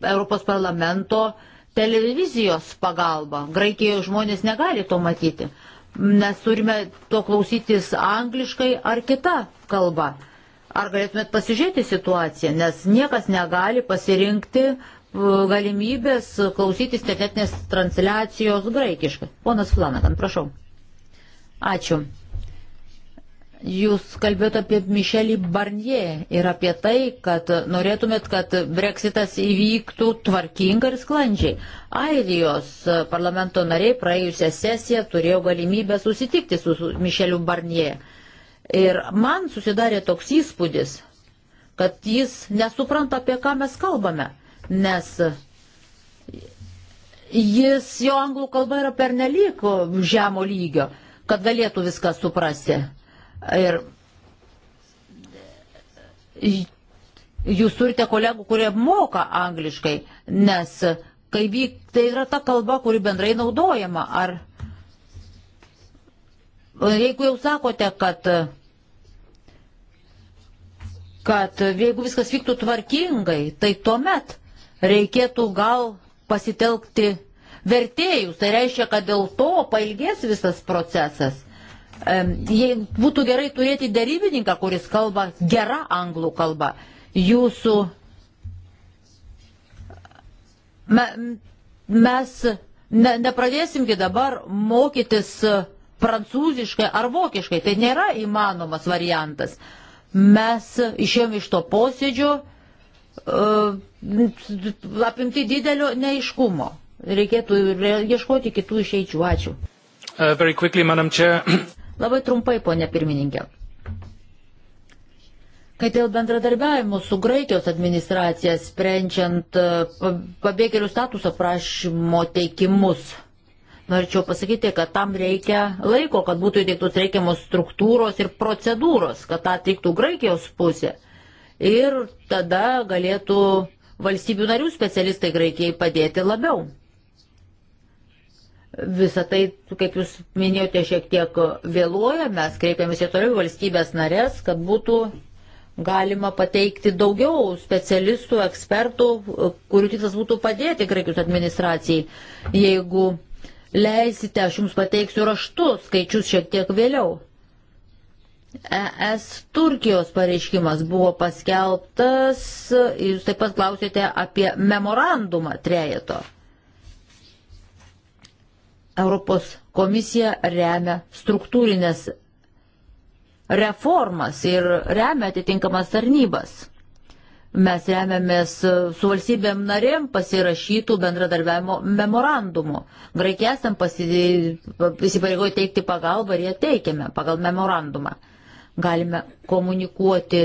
Europos parlamento televizijos pagalba. Graikijoje žmonės negali to matyti. Mes turime to klausytis angliškai ar kita kalba. Ar galėtumėt pasižiūrėti situaciją, nes niekas negali pasirinkti uh, galimybės klausytis internetinės transliacijos graikiškai. Ponas Flanagan, prašau. Ačiū. Jūs kalbėjote apie Mišelį Barnie ir apie tai, kad norėtumėt, kad breksitas įvyktų tvarkingai ir sklandžiai. Airijos parlamento nariai praėjusią sesiją turėjo galimybę susitikti su Mišeliu Barnie. Ir man susidarė toks įspūdis, kad jis nesupranta, apie ką mes kalbame, nes jis jo anglų kalba yra pernelyg žemo lygio, kad galėtų viską suprasti Ir jūs turite kolegų, kurie moka angliškai, nes kai vyk, tai yra ta kalba, kuri bendrai naudojama. Ar jeigu jau sakote, kad, kad jeigu viskas vyktų tvarkingai, tai tuomet reikėtų gal pasitelkti vertėjus. Tai reiškia, kad dėl to pailgės visas procesas. Jei būtų gerai turėti darybininką, kuris kalba gerą anglų kalbą, jūsų. Me, mes ne, nepradėsimgi dabar mokytis prancūziškai ar vokiškai. Tai nėra įmanomas variantas. Mes išėjom iš to posėdžio e, apimti didelio neiškumo. Reikėtų ieškoti kitų išeičių. Ačiū. Uh, Labai trumpai, ponė pirmininkė. Kai dėl bendradarbiavimo su Graikijos administracija sprendžiant e, pabėgėlių statuso prašymo teikimus, norėčiau pasakyti, kad tam reikia laiko, kad būtų įdėktos reikiamos struktūros ir procedūros, kad tą atliktų Graikijos pusė. Ir tada galėtų valstybių narių specialistai Graikijai padėti labiau. Visą tai, kaip jūs minėjote, šiek tiek vėluoja, mes kreipiamės į toliau valstybės narės, kad būtų galima pateikti daugiau specialistų, ekspertų, kurių tikslas būtų padėti Graikijos administracijai. Jeigu leisite, aš jums pateiksiu raštus, skaičius šiek tiek vėliau. ES Turkijos pareiškimas buvo paskelbtas, jūs taip pat klausėte apie memorandumą trejeto. Europos komisija remia struktūrinės reformas ir remia atitinkamas tarnybas. Mes remiamės su valstybėm narėm pasirašytų bendradarbiavimo memorandumų. Graikija esam įsipareigoję teikti pagalbą ir ją teikiame pagal memorandumą. Galime komunikuoti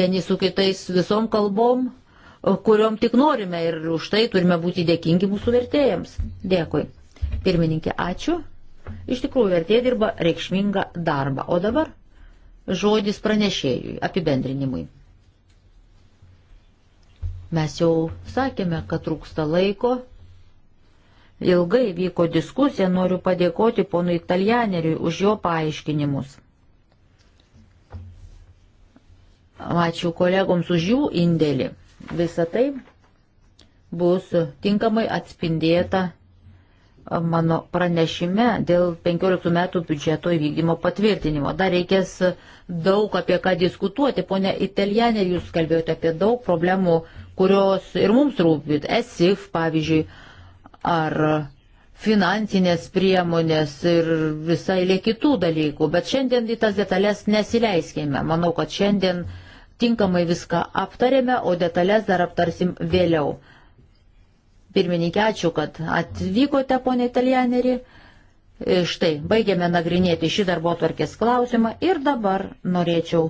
vieni su kitais visom kalbom, kuriuom tik norime ir už tai turime būti dėkingi mūsų vertėjams. Dėkui. Pirmininkė, ačiū. Iš tikrųjų, vertė dirba reikšmingą darbą. O dabar žodis pranešėjui, apibendrinimui. Mes jau sakėme, kad trūksta laiko. Ilgai vyko diskusija, noriu padėkoti ponui Italianeriui už jo paaiškinimus. Ačiū kolegoms už jų indėlį. Visą tai bus tinkamai atspindėta mano pranešime dėl 15 metų biudžeto įvykdymo patvirtinimo. Dar reikės daug apie ką diskutuoti. Pone Italianė, jūs kalbėjote apie daug problemų, kurios ir mums rūpit. ESIF, pavyzdžiui, ar finansinės priemonės ir visai lė kitų dalykų. Bet šiandien į tas detalės nesileiskime. Manau, kad šiandien tinkamai viską aptarėme, o detalės dar aptarsim vėliau. Pirmininkė, ačiū, kad atvykote, ponė Italianerį. E, štai, baigėme nagrinėti šį darbo tvarkės klausimą ir dabar norėčiau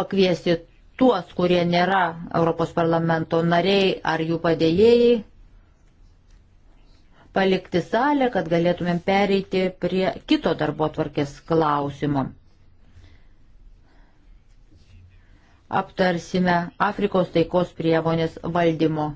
pakviesti tuos, kurie nėra Europos parlamento nariai ar jų padėjėjai, palikti salę, kad galėtumėm pereiti prie kito darbo tvarkės klausimo. Aptarsime Afrikos taikos priemonės valdymo